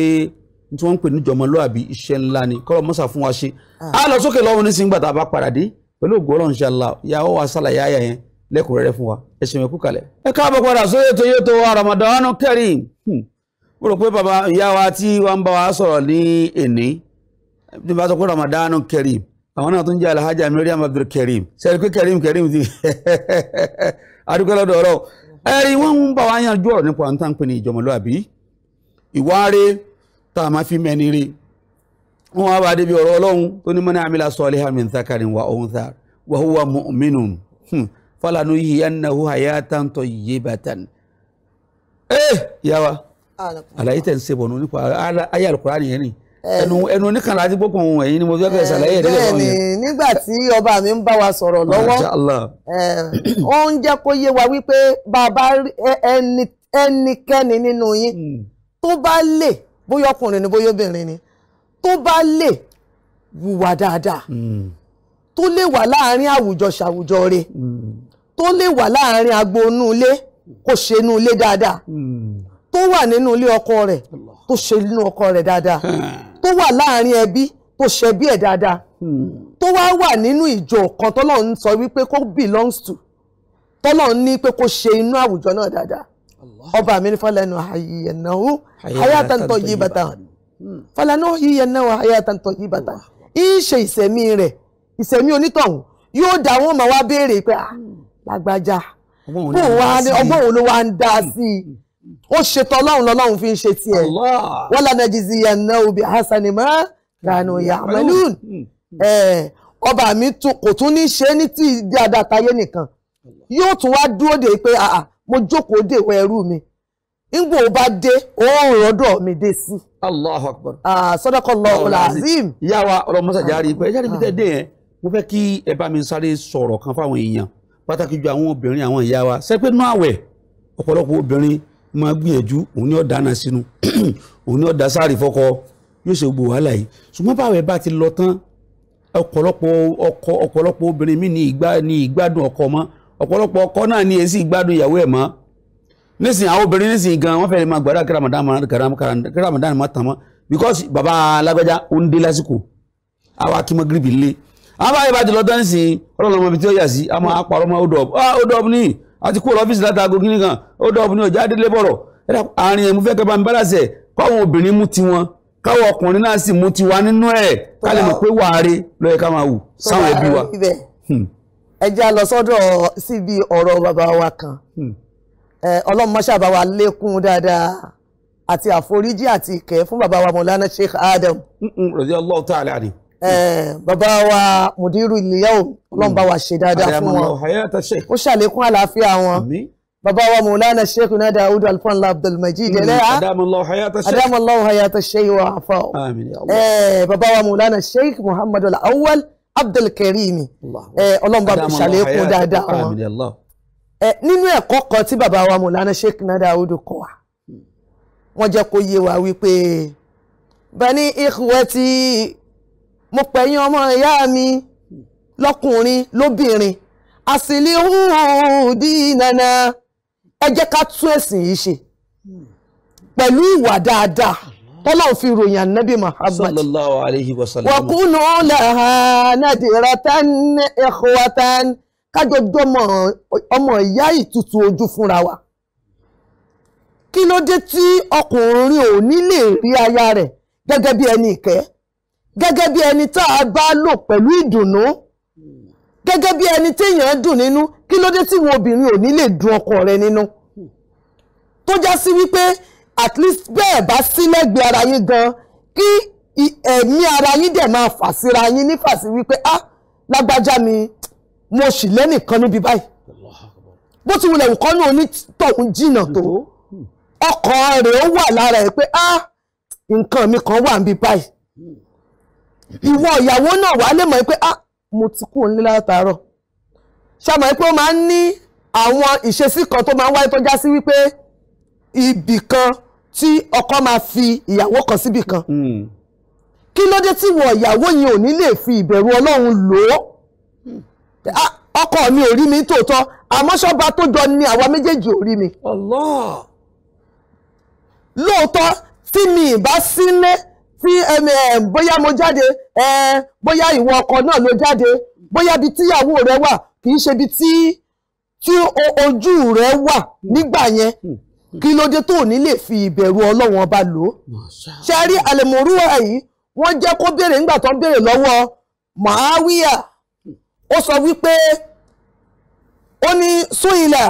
tí wọ́n ń pè ní ìjọmọlúwàbí iṣẹ́ ńlá ni kọ́lọ́ mọ́sà fún wa ṣe. Ah. a lọ sókè lọ́wọ́ nísìnyí gbàtà bá padà dé pẹ̀lú ògo Ọlọ́run ṣàlà yàwó wa ṣàlàyé àyà yẹn lẹ́kùnrẹ́rẹ́ fún wa ẹ ṣe mẹ́kú kalẹ̀. ẹ káàbọ̀ padà sórí ètò yóò tó Ramadan Kareem hmm. mo rò pé bàbá ìyá wa tí wọ́n ń bá wa sọ̀rọ̀ ní èní tí bá sọ pé Ramadan Kareem àwọn náà tún jẹ́ alhaja Mariam Abdul Kareem sẹ́yìn pé Kareem Kareem ti adúgbò lọ́dọ̀ ọ̀rọ̀ ẹ̀rí ń bá wa yanjú ọ̀rọ̀ nípa àwọn táǹpẹ̀ ní ìjọmọlúàbí ìwáre tá a máa fi mẹ́ni rí wọ́n wá bá débi ọ̀rọ̀ ọlọ́run tó ní mọ́ni amila salihan min dhakarin wa untha wa huwa mu'minun hmm. falanuhyiyannahu hayatan tayyibatan. ẹ eh, yàwá àlàyé tẹ̀ ń ṣe bọ̀ nípa ayé Al-Qur'ani ni eh. ẹnu ẹnu láti gbókun ohun ẹ̀yìn ni mo fẹ́ fẹ́ ṣàlàyé ẹ̀dẹ́gbẹ̀ lọ́wọ́ yẹn.
nígbà tí ọba mi ń bá wa sọ̀rọ̀ lọ́wọ́ eh, ó ń jẹ́ kó yé wa wípé bàbá ẹnikẹ́ni nínú yín hmm. tó bá lè bóyá ọkùnrin ni bóyá obìnrin ni tó bá lè wùwà dáadáa hmm. tó lè wà láàárín àwùjọ ṣàwùjọ rẹ hmm. tó lè wà láàárín agbo inú ilé kó ṣe inú ilé dáadáa hmm. tó wà nínú ilé ọkọ rẹ̀ tó ṣe inú ọkọ rẹ̀ dáadáa tó wà láàárín ẹbí tó ṣe ẹbí ẹ̀ dáadáa tó wá wà nínú ìjọ kan tọ́lọ́run ń sọ wípé kó belongs to tọ́lọ́run ní pé kó ṣe inú àwùjọ náà dáadáa ọba mi ní fọlẹ́nu àyẹ̀náwó hayatan tayyibatan falana yíyẹ náà wà ayé àtàntọ̀ yìí bàtà ìṣe ìsẹ̀mí rẹ̀ ìsẹ̀mí onítọ̀hún yóò dá wọn máa wá béèrè pé ah, hmm. lágbájá ọgbọ́n òun ló wá ń dá hmm. sí i ó ṣètò ọlọ́run lọ́lọ́run fi ń ṣe tiẹ̀ wọ́n lànà jìzì yànnà òbí hasan mọ́ ganu hmm. yamalun ọba mi kò tún ní ṣe ní tí ìdí adáta yé nìkan yóò tún wá dúró de pé ah, ah, mo jókòó dèwọ̀ ẹrú mi ngbò bá dé òun rọ́dọ̀ mi dé sí.
Allahu Akbar. Ah, Sadaqallahu al-Azim. ìyá wa ọlọmọsàjà ah. rí i pé ẹjáde mi tẹ́ dé yẹn mo fẹ́ kí ẹ bá mi sáré sọ̀rọ̀ kan fáwọn èèyàn pàtàkì ju àwọn obìnrin àwọn ìyá wa sẹ́pẹ́ nú àwẹ̀ ọ̀pọ̀lọpọ̀ obìnrin máa gbìyànjú òun ni ó dáná sínú òun ni ó dá sáré fọ́kọ yóò ṣe gbò wàhálà yìí ṣùgbọ́n báwẹ̀ bá ti lọ tán ọ̀pọ̀lọpọ̀ ọkọ ọ̀pọ̀lọpọ̀ obìnrin mi ní ìgbádùn ọkọ mọ́ ọ̀pọ̀lọpọ̀ ọkọ náà ní èsì ìgbádùn ìyàwó ẹ̀ mọ́ nísìnyí àwọn obìnrin nísìnyí gan wọ́n fẹ́ẹ́ lè máa gbàdúrà kí ramadan máa kí ramadan máa tàn mọ́ because baba alágbájá ó ń dé lásìkò àwa kí mọ́ gíríbì lé àwọn àyè bá ti lọ tán nísìnyí ọlọ́run ọmọ ibi tí ó yà sí a máa parọ́ mọ́ odò odò ọ̀bùn ní àti kúrò lọ́fíìsì láti aago kíní kan odò ọ̀bùn ní ọjà délé bọ̀rọ̀ àárín ẹ̀mú fẹ́ kẹ́ bá mi bálàsẹ̀ káwọn obìnrin mú tiwọn káwọn ọkùnrin náà sì mú
lọ sọ́dọ̀ síbi ọ̀rọ̀ bàbá wa kan hmm ọlọ́mọ ṣàbá wa lékún dáadáa àti àforíjì àti ìkẹ́ fún bàbá wa mọ̀lánà Sheikh Adam. radiyallahu ta'ala anhu. bàbá wa mùdírù ìlíyàwó ọlọ́mọ mm. bá wa ṣe dáadáa fún wọn ó ṣàlékún àlàáfíà wọn bàbá wa mọ̀lánà Sheikh náà Dawud alfanla Abdulmajid ẹlẹ́yà mm, adamallahu hayata Sheikh wa afa o bàbá wa mọ̀lánà Sheikh Muhammad al-Awwal Abdulkarimi ọlọ́mọ bá ṣàlékún dáadáa wọn nínú ẹ̀kọ́ kan tí bàbá wa Mọ̀lánà Sheikh Dadaudu kọ́ wa wọ́n jẹ́ kó yé wa wípé bani ikhwati mo pẹ̀yìn ọmọ ìyá mi lọ́kùnrin lóbìnrin àsìlíhù dínana ẹ jẹ́ ká tún ẹ̀sìn yìí ṣe pẹ̀lú ìwà dáadáa tọ́lọ́run fi ròyìn ànábì muhammad sallallahu alayhi wa sallam wa kunu laha nadiratan ikhwatan kájọ jọmọ ọmọ ìyá ìtutù ojú fúnra wa kí ló dé tí ọkùnrin ò ní lè rí aya rẹ̀ gẹ́gẹ́ bí ẹni ìkẹ́ gẹ́gẹ́ bí ẹni tá a bá lò pẹ̀lú ìdùnnú gẹ́gẹ́ bí ẹni téèyàn dùn nínú kí ló dé tí wọn obìnrin ò ní lè dùn ọkọ rẹ̀ nínú tó já sí wípé at least bẹ́ẹ̀ bá sí lẹ́gbẹ̀ẹ́ ara yín gan kí ẹ̀mí ara yín dẹ̀ máa fà síra yín nífà wípé ah lágbájá mi mo sì lẹ́nìkan níbi báyìí bó ti wulẹ̀ wùkọ́ ní onítọ̀hún jìnnà tó ọkọ̀ rẹ̀ ó wà lára ẹ̀ pé ah nǹkan mi kan wà níbi báyìí ìwọ ìyàwó náà wà lè mọ̀ pé ah mo ti kú òun látàárọ̀ ṣàmọ̀ pé ó máa ń ní àwọn ìṣesí kan tó máa ń wáyé tó já sí wípé ibì kan tí ọkọ máa fi ìyàwó kan síbì kan hmm. kí ló dé tí wọ ìyàwó yẹn ò ní lè fi ìbẹ̀rù Ọlọ́run lò Ah, ọkọ mi ò rí mi tòótọ́ àmọ́ ṣọ́ba tó jọ ni àwa méjèèjì ò rí mi. lóòótọ́ tí mi ì bá sílé tí bóyá mo jáde bóyá ìwọ ọkọ náà ló jáde bóyá ibi tíyàwó rẹ wà kì í ṣe ibi tí tí ojú rẹ wà nígbà yẹn kí ló dé tó ní lè fi ìbẹ̀rù ọlọ́wọ́n ọba lò ó. ṣe rí àlèmọ̀rúwà yìí wọ́n jẹ́ kó béèrè nígbà tó ń béèrè lọ́wọ́ màáwíyà ó sọ wípé ó ní súnilà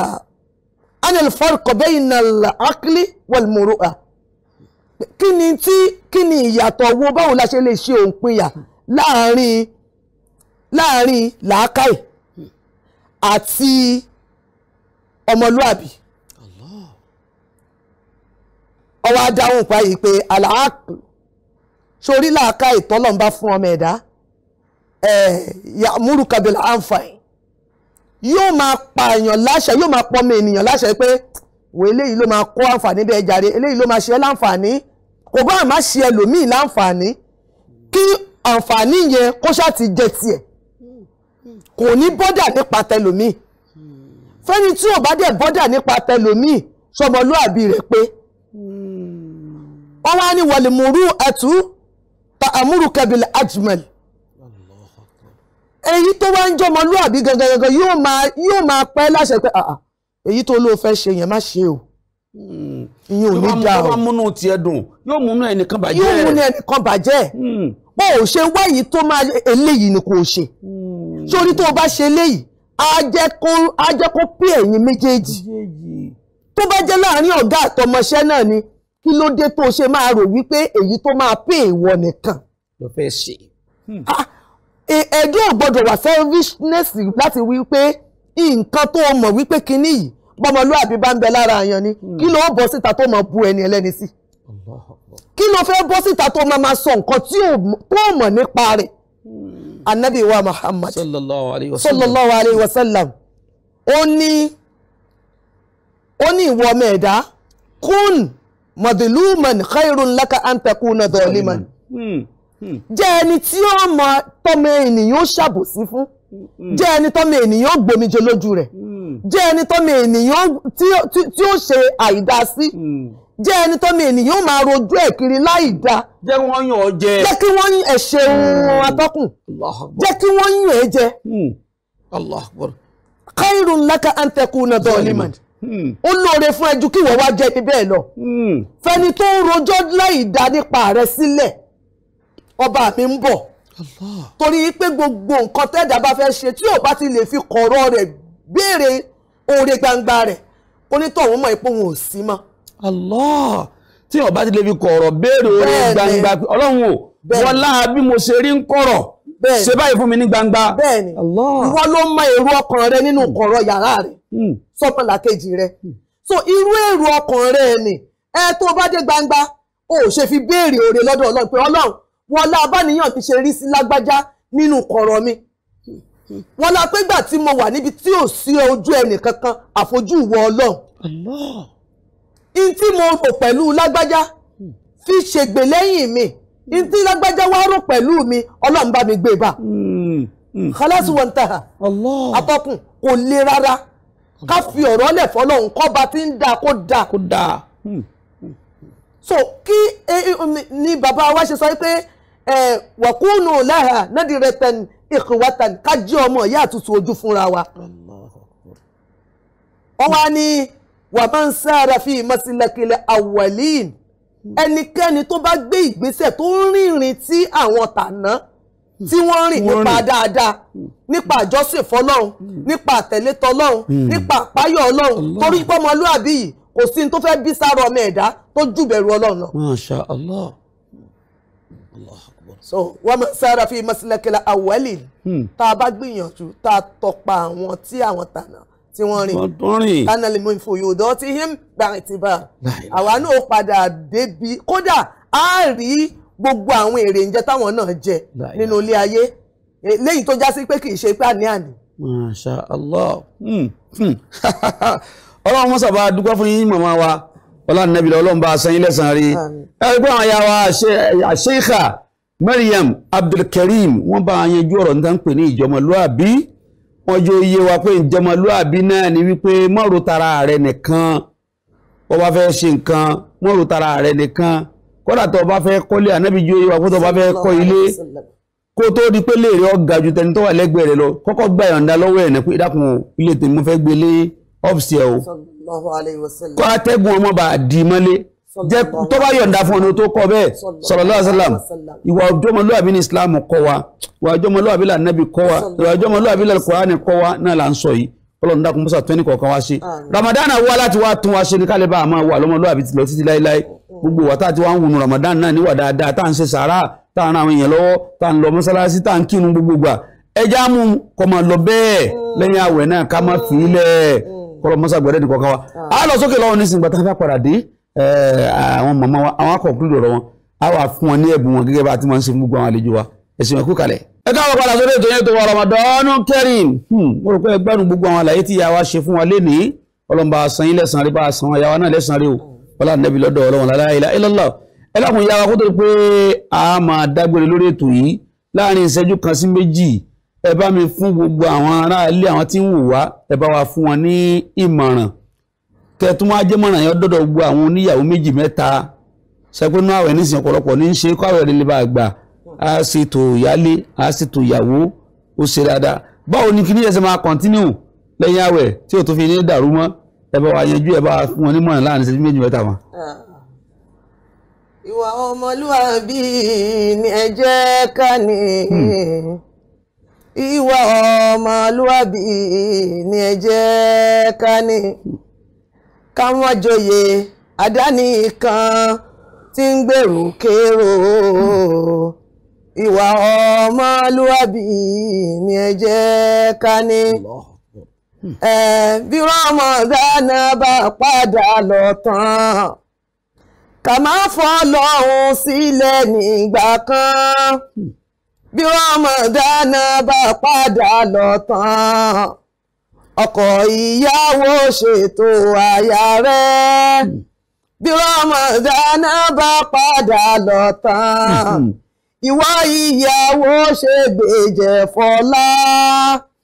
anil farq bayna al-aqli wal-muru'a kí ni tí kí ni ìyàtọ̀ wo báwo la ṣe lè ṣe òǹpinya láàrin láàrin làákàyè àti ọmọlúàbí ọwọ́ adáhùn pa yìí pé àlàákù sórí làákàyè tọ́lọ́mbá fún ọmọ ẹ̀dá. Eh, yàmúrù kabil anfàì yóò máa pààyàn láṣẹ yóò máa pọmọ ènìyàn láṣẹ pé wò eléyìí ló máa kó àǹfààní bẹ́ẹ̀ jàre eléyìí ló máa ṣe láǹfààní kò bá àmà ṣe ẹlòmíì láǹfààní kí àǹfààní yẹn kó ṣáà ti jẹ tiẹ̀ kò ní bọ́dà nípa tẹlòmíì fẹ́ni tí ò bá dẹ̀ bọ́dà nípa tẹlòmíì sọmọlúàbí rẹ̀ pé wọ́n wá ní wọlé mùrú ẹ̀tú ta àmúrù kẹbìlì ajmal èyí tó wá ń jọmọlúàbí gangan gangan yóò máa yóò máa pẹ́ láṣẹ pé èyí tó lóò fẹ́ ṣe yẹn má ṣe o hmm. ìyẹn ò ní dáa o yóò múnú tiẹ̀ dùn yóò múnú ẹnìkan bàjẹ́ yóò múnú ẹnìkan bàjẹ́ hmm. bó o ṣe wá èyí tó máa eléyìí ni kò ṣe hmm. sórí tó o bá ṣe eléyìí á jẹ́ kó á jẹ́ kó pé ẹ̀yin méjèèjì tó bá jẹ́ láàrin ọ̀gá àtọmọṣẹ́ náà ni kí ló dé tó o ṣe máa rò wípé èyí tó máa pè ìwọ nìkan ló fẹ́ ṣe ah, E, ẹjọ́ ò gbọ́dọ̀ wà selfishness láti wí pé nǹkan tó mọ̀ wípé kinní yìí bọ́mọlúàbí bá ń bẹ lára àyàn ni hmm. kí ló bọ́ síta tó máa bu ẹni ẹlẹ́ni sí kí ló fẹ́ bọ́ síta tó máa máa sọ nǹkan tí ó mọ̀ nípa rẹ̀ anabi hmm. wa Muhammad
sallallahu alayhi
wa sallam ó ní ó ní ìwọ ọmọ ẹ̀dá kún mọ̀dìlúmọ̀n khairun laka an takuna dọ̀ọ́límọ̀n jẹ́ ẹni tí ó mọ tọ́mọ ènìyàn ó ṣàbòsí fún jẹ́ ẹni tọ́mọ ènìyàn ó gbomijé lójú rẹ̀ jẹ́ ẹni tọ́mọ ènìyàn tí ó ṣe àìdá sí jẹ́ ẹni tọ́mọ ènìyàn ó máa rojú ẹ̀ kiri láì dá. jẹ́ wọ́n yàn ọ́ jẹ. jẹ́ kí wọ́n ẹ̀ ṣeun atọ́kùn jẹ́ kí wọ́n yàn ẹ́ jẹ. Allahu Akbar. khairun laka an takuna zaliman hmm. ó lóore fún ẹjú kí wọ́n wá jẹ́ ní bẹ́ẹ̀ lọ. Hmm. fẹni tó ń rojọ́ láì dá nípa rẹ̀ sílẹ̀ ọba mi ń bọ̀ torí pé gbogbo nǹkan tẹ́dá bá fẹ́ ṣe tí ò bá ti lè fi kọ̀rọ̀ rẹ̀ béèrè oore gbangba rẹ̀ onítọ̀hún mọ̀ ipò wọn ò sí mọ́. Allah tí ò bá ti lè fi kọ̀rọ̀ béèrè oore gbangba ọlọ́run o wọlá bí mo ṣe rí ń kọ̀rọ̀ ṣe báyìí fún mi ní gbangba. bẹ́ẹ̀ni wọn ló mọ èrò ọkàn rẹ nínú hmm. kọ̀rọ̀ yàrá rẹ hmm. sọpọlá kejì rẹ hmm. so irú èrò ọkàn rẹ ni ẹ tó bá dé gbangba o ò ṣe fi béèrè oore lọ́dọ̀ ọlọ́run pé ọlọ́run wọn lá abániyàn ti ṣe rí sí lágbájá nínú kọ̀rọ̀ mi wọn lá pé gbà tí mo wà níbi tí ò sí ojú ẹnì kankan àfojú ìwọ Ọlọ́run in tí mo rò pẹ̀lú lágbájá fi ṣègbè lẹ́yìn mi in tí lágbájá wá rò pẹ̀lú mi Ọlọ́run bá mi gbé bá hmm, hmm. kálásù wọn kò le rárá ká fi ọ̀rọ̀ lẹ̀ fọlọ́run kọ́ba tí ń da. kó da. Hmm, so kí eh, eh, um, ni bàbá wa ṣe sọ pé ẹ wọ̀kúnù láhà nádìrẹ́tẹ̀n ìkùwátà kájí ọmọ ìyá àtútù ojú fúnra wa. wọ́n wá ní wà máa ń sára fi ìmọ̀sílẹ̀kẹ̀lẹ̀ àwọ̀líìn ẹnikẹ́ni tó bá gbé ìgbésẹ̀ tó ń rìnrìn tí àwọn tàná tí wọ́n rìn nípa dáadáa nípa àjọsìn fọlọ́run nípa àtẹ̀lẹ́tọ̀ ọlọ́run hmm. nípa àpáyọ̀ ọlọ́run torí pọ́mọlúàbí yìí kò sí ní tó fẹ́ bí sára ọmọ ẹ̀dá tó jùbẹ̀rù ọlọ́run lọ. Masha Allah. Allah so wọ́n sára fi masilakila awẹ́lì hmm. tá a bá gbìyànjú tá a tọpa àwọn tí àwọn tànà tí wọ́n rìn tànà lè mú ìfòyòdọ́ tí him gbàrin ti bá àwa náà padà débi kódà a rí gbogbo àwọn èrè ń jẹ táwọn náà jẹ nínú ilé ayé lẹ́yìn tó já pé kì í ṣe pé àní àní. masha
allah hmm. hmm. ọlọ́run mọ́sà bá dúpẹ́ fún yín màmá wa ọlá nàbìlẹ̀ ọlọ́run bá a san yín lẹ́sàn-án rí ẹ rí àwọn ya wa Maryam Abdulkareem wọ́n bá wọn yanjú ọ̀rọ̀ níta ń pè ní ìjọmọlúàbí wọ́n jọ iye wa pé ìjọmọlúàbí náà ni wípé mọ́rò tara rẹ nìkan wọ́n bá fẹ́ ṣe nǹkan mọ́rò tara rẹ nìkan kódà tó o bá fẹ́ kọ́lé ànábì jọ iye wa kó tó o bá fẹ́ kọ́ ilé kó tó di pé léèrè ọ̀gá ju tẹni tó wà lẹ́gbẹ̀ẹ́ rẹ lọ kọ́kọ́ gba ìyọ̀ǹda lọ́wọ́ ẹ̀ pé dákun ilé tèmi mo gbélé ọ́fíìsì ẹ̀ o
kó atẹ́gùn ọmọ bá dì
í jẹ́ tó bá yọ̀ǹda fún ọ̀nà tó kọ́ bẹ́ẹ̀ sallallahu alaihi wasallam ìwà ọjọ́mọlúwàbí ní islam kọ́ wa ìwà ọjọ́mọlúwàbí là nàbì kọ́ wa ìwà ọjọ́mọlúwàbí là kùránì kọ́ wa náà là ń sọ yìí ọlọ́run dákun mọ́sà tó ní kọ̀ọ̀kan wá ṣe ramadan wá láti wá tún wá ṣe ní kálíbà àmọ́ wà lọ́mọlúwàbí ti lọ títí láéláé gbogbo wa tá ti wá ń wùnú ramadan náà níwà dáadáa tá à ń ṣe sàárà tá à ń ran àwọn èèyàn lọ́wọ́ tá à ń lọ mọ́sálásí tá à ń kírun gbogbo gbà ẹja mú kọ́ máa lọ bẹ́ẹ̀ mm. lẹ́yìn àwẹ̀ náà ká má fi í lẹ̀ mm. kọ́lọ́ mọ́sà gbẹ̀rẹ́ ní kọ̀ọ̀kan wa. Ah. a lọ sókè lọ́wọ́ nísìnyí gbàtà fẹ́ padà dé àwọn màmá wa àwọn akọ̀kúlù ọ̀rọ̀ wọn á wà fún wọn ní ẹ̀bùn wọn gẹ́gẹ́ bá a ti máa ń ṣe fún gbogbo àwọn àlejò wa ẹ̀sìn ẹ̀kú kalẹ̀. ẹ káwọ padà sórí ètò yẹn tó wà Ramadan Kareem hmm, mo rò pé ẹ gbádùn gbogbo àwọn àlàyé tí ìyá ṣe fún wa lénìí ọlọ́mọba san yín lẹ́sàn-án rí bá a san ìyá wa náà lẹ́sàn-án rí o wọlá nẹ́bí lọ́dọ̀ ọlọ́wọ́n láláìlá ilọ́lá ẹ wa kó tó pé tẹ̀tún wá jẹ́ mọ̀ràn yẹn dọ́dọ̀ gbogbo àwọn oníyàwó méjì mẹ́ta sẹ́kúnú àwẹ̀ nísìnyí ọ̀pọ̀lọpọ̀ ní í ṣe káwẹ̀ rẹ̀ lè bá a gbà á sì tó ìyálé á sì tó ìyàwó ó ṣe dáadáa báwo ni kí ní ẹsẹ̀ máa kọ̀ntínú lẹ́yìn àwẹ̀ tí ò tó fi ní dàrú mọ́ ẹ bá wa yanjú ẹ bá wa fún wọn ní mọ̀ràn láàrin ṣẹ́jú méjì mẹ́ta wọn.
Ah. ìwà ọmọlúwàbí ni ẹ jẹ́ ká ní hmm. ìwà ọmọlúwàbí ni ẹ jẹ́ ká ní káwọn joyè àdáni kan tí ń gbèrú kérò ìwà ọmọlúwàbí ni ẹ jẹ́ ká ní. bí rọmọ dáná bá padà lọ tán ká má fọ́ lọ́hùn sílẹ̀ nígbà kan hmm. bí rọmọ dáná bá padà lọ tán ọkọ ìyàwó ṣètò àyà rẹ̀ bí rọmọdánà bá padà lọ tán hmm. ìwọ ìyàwó ṣe gbèjẹ fọlá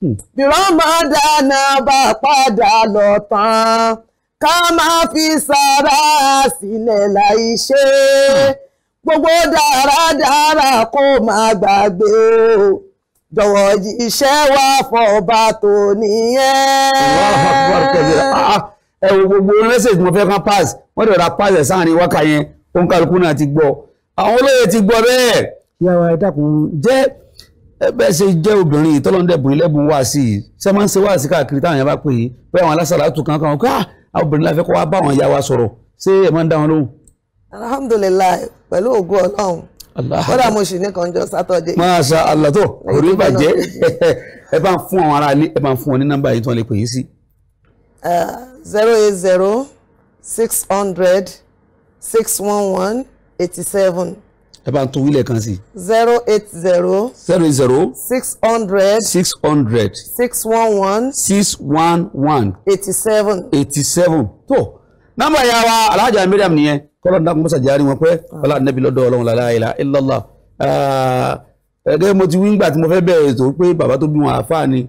hmm. bí rọmọdánà bá padà lọ tán ká máa fi sára sílẹ̀ láì ṣe hmm. gbogbo dáradára kó máa gbàgbé o jọ̀wọ́ iṣẹ́ wa fọba tó nìyẹn. Ah, ah. ẹ wo gbogbo mẹ́sẹ̀gì mo fẹ́ kan pass
wọ́n dẹ̀ ra pass ẹ̀ sáàrin wákà yẹn ó ń kálukú náà ti gbọ́ àwọn olóyè ti gbọ́ bẹ́ẹ̀. ìyàwó ẹ dákun jẹ́ bẹ́ẹ̀ ṣe jẹ́ obìnrin ìtọ́lọ́ndẹ̀bùn ilẹ̀bùn wá sí i ṣé máa ń ṣe wá sí káàkiri táwọn yẹn bá pè é bẹ́ẹ̀ àwọn alásàlátù kan kan ká obìnrin láfẹ́ kó wá bá àwọn ìyá wa sọ̀rọ̀ ṣé ẹ máa ń dá wọn lóhùn.
alhamdulilayi pẹ̀lú ògo ọlọ́run
kódà mo
sì ní kanjọ sátọdé. Masha
Allah tó orí bàjẹ́ ẹ bá ń fún àwọn ará ilé ẹ bá ń fún wọn ní nọ́mbà yìí tí wọ́n lè pè yín sí.
Eh, zero eight zero six hundred six one one eighty seven.
ẹ bá ń tún wílẹ̀ kan sí.
zero eight zero. zero eight zero. six hundred.
six hundred.
six one one.
six one one.
eighty seven. eighty seven tó nọ́mbà ìyá wa
alájà miriam nìyẹn kọ́lọ́ dákun mọ́sà járí wọn pẹ́ ah. ọlá nẹ́bí lọ́dọ̀ ọlọ́run lálá ilá ilọ́lá ẹgbẹ́ mo ti wí ńgbà tí mo fẹ́ bẹ̀rẹ̀ ètò pé bàbá tó bí wọn àáfàá ni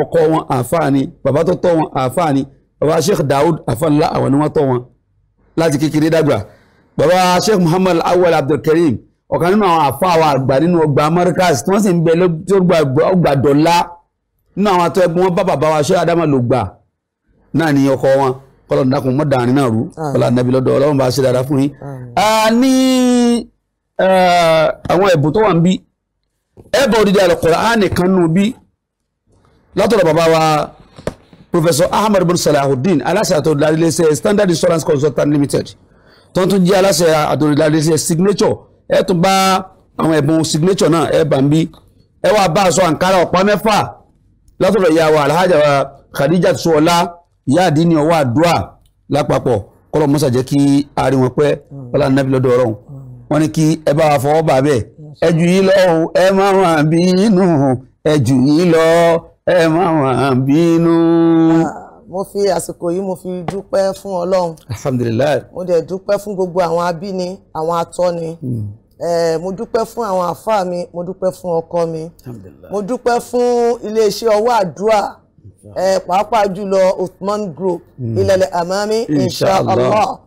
ọkọ wọn àáfàá ni bàbá tó tọ́ wọn àáfàá ni bàbá sheikh daoud àfànlá àwọn ni wọ́n tọ́ wọn láti kékeré dàgbà bàbá sheikh muhammad awal abdulkareem ọ̀kan nínú àwọn àáfàá wa àgbà nínú ọgbà amarikas tí wọ́n sì ń bẹ tí ó gbà nínú àwọn atọ́ ẹgbẹ́ wọn bá bàbá wa sheikh adama lògbà náà ni ọkọ wọn kọ́lọ̀ dákun mọ́ dàrin náà rú ah. kọ́lọ̀ ànábì lọ́dọ̀ ọlọ́run bá ṣe dáadáa fún yín. Ah. a ní àwọn ẹ̀bùn tó wà ń bí ẹ̀bọ̀ òdìdí Al-Qur'ani kan nù bí látọ̀dọ̀ bàbá wa Professor Ahmed bin Salahuddin aláṣẹ àtọ̀dọ̀dàrílẹ̀ṣẹ̀ Standard Insurance Consultant Limited tó ń tún jẹ́ aláṣẹ àtọ̀dọ̀dàrílẹ̀ṣẹ̀ Signature ẹ̀ tún bá àwọn ẹ̀bùn Signature náà ẹ̀ bá ń bí ẹ̀ wá bá aṣọ àǹkárá ọ̀pá mẹ́fà látọ̀dọ̀ ìyá wa Alhaja Khadija Tuola yáàdí ní ọwọ́ àdúrà lápapọ̀ kọ́lọ̀ mọ́sà jẹ́ kí ari wọn pẹ́ ọlá nàbí lọ́dọ̀ ọlọ́run wọn ni kí ẹ bá wa fọwọ́ bà bẹ́ẹ̀ ẹ jù yín lọ ẹ má wà bínú ẹ jù yín lọ ẹ má wà bínú.
mo fi àsìkò yìí mo fi dúpẹ́ fún ọlọ́run
alhamdulilayi
mo dẹ̀ dúpẹ́ fún gbogbo àwọn abíni àwọn atọ́ni hmm. mo dúpẹ́ fún àwọn àfáà mi mo dúpẹ́ fún ọkọ mi mo dúpẹ́ fún iléeṣẹ́ ọwọ́ àdúrà pàápàá jùlọ Uthman Group hmm. ilẹ̀lẹ̀ Amami inshallah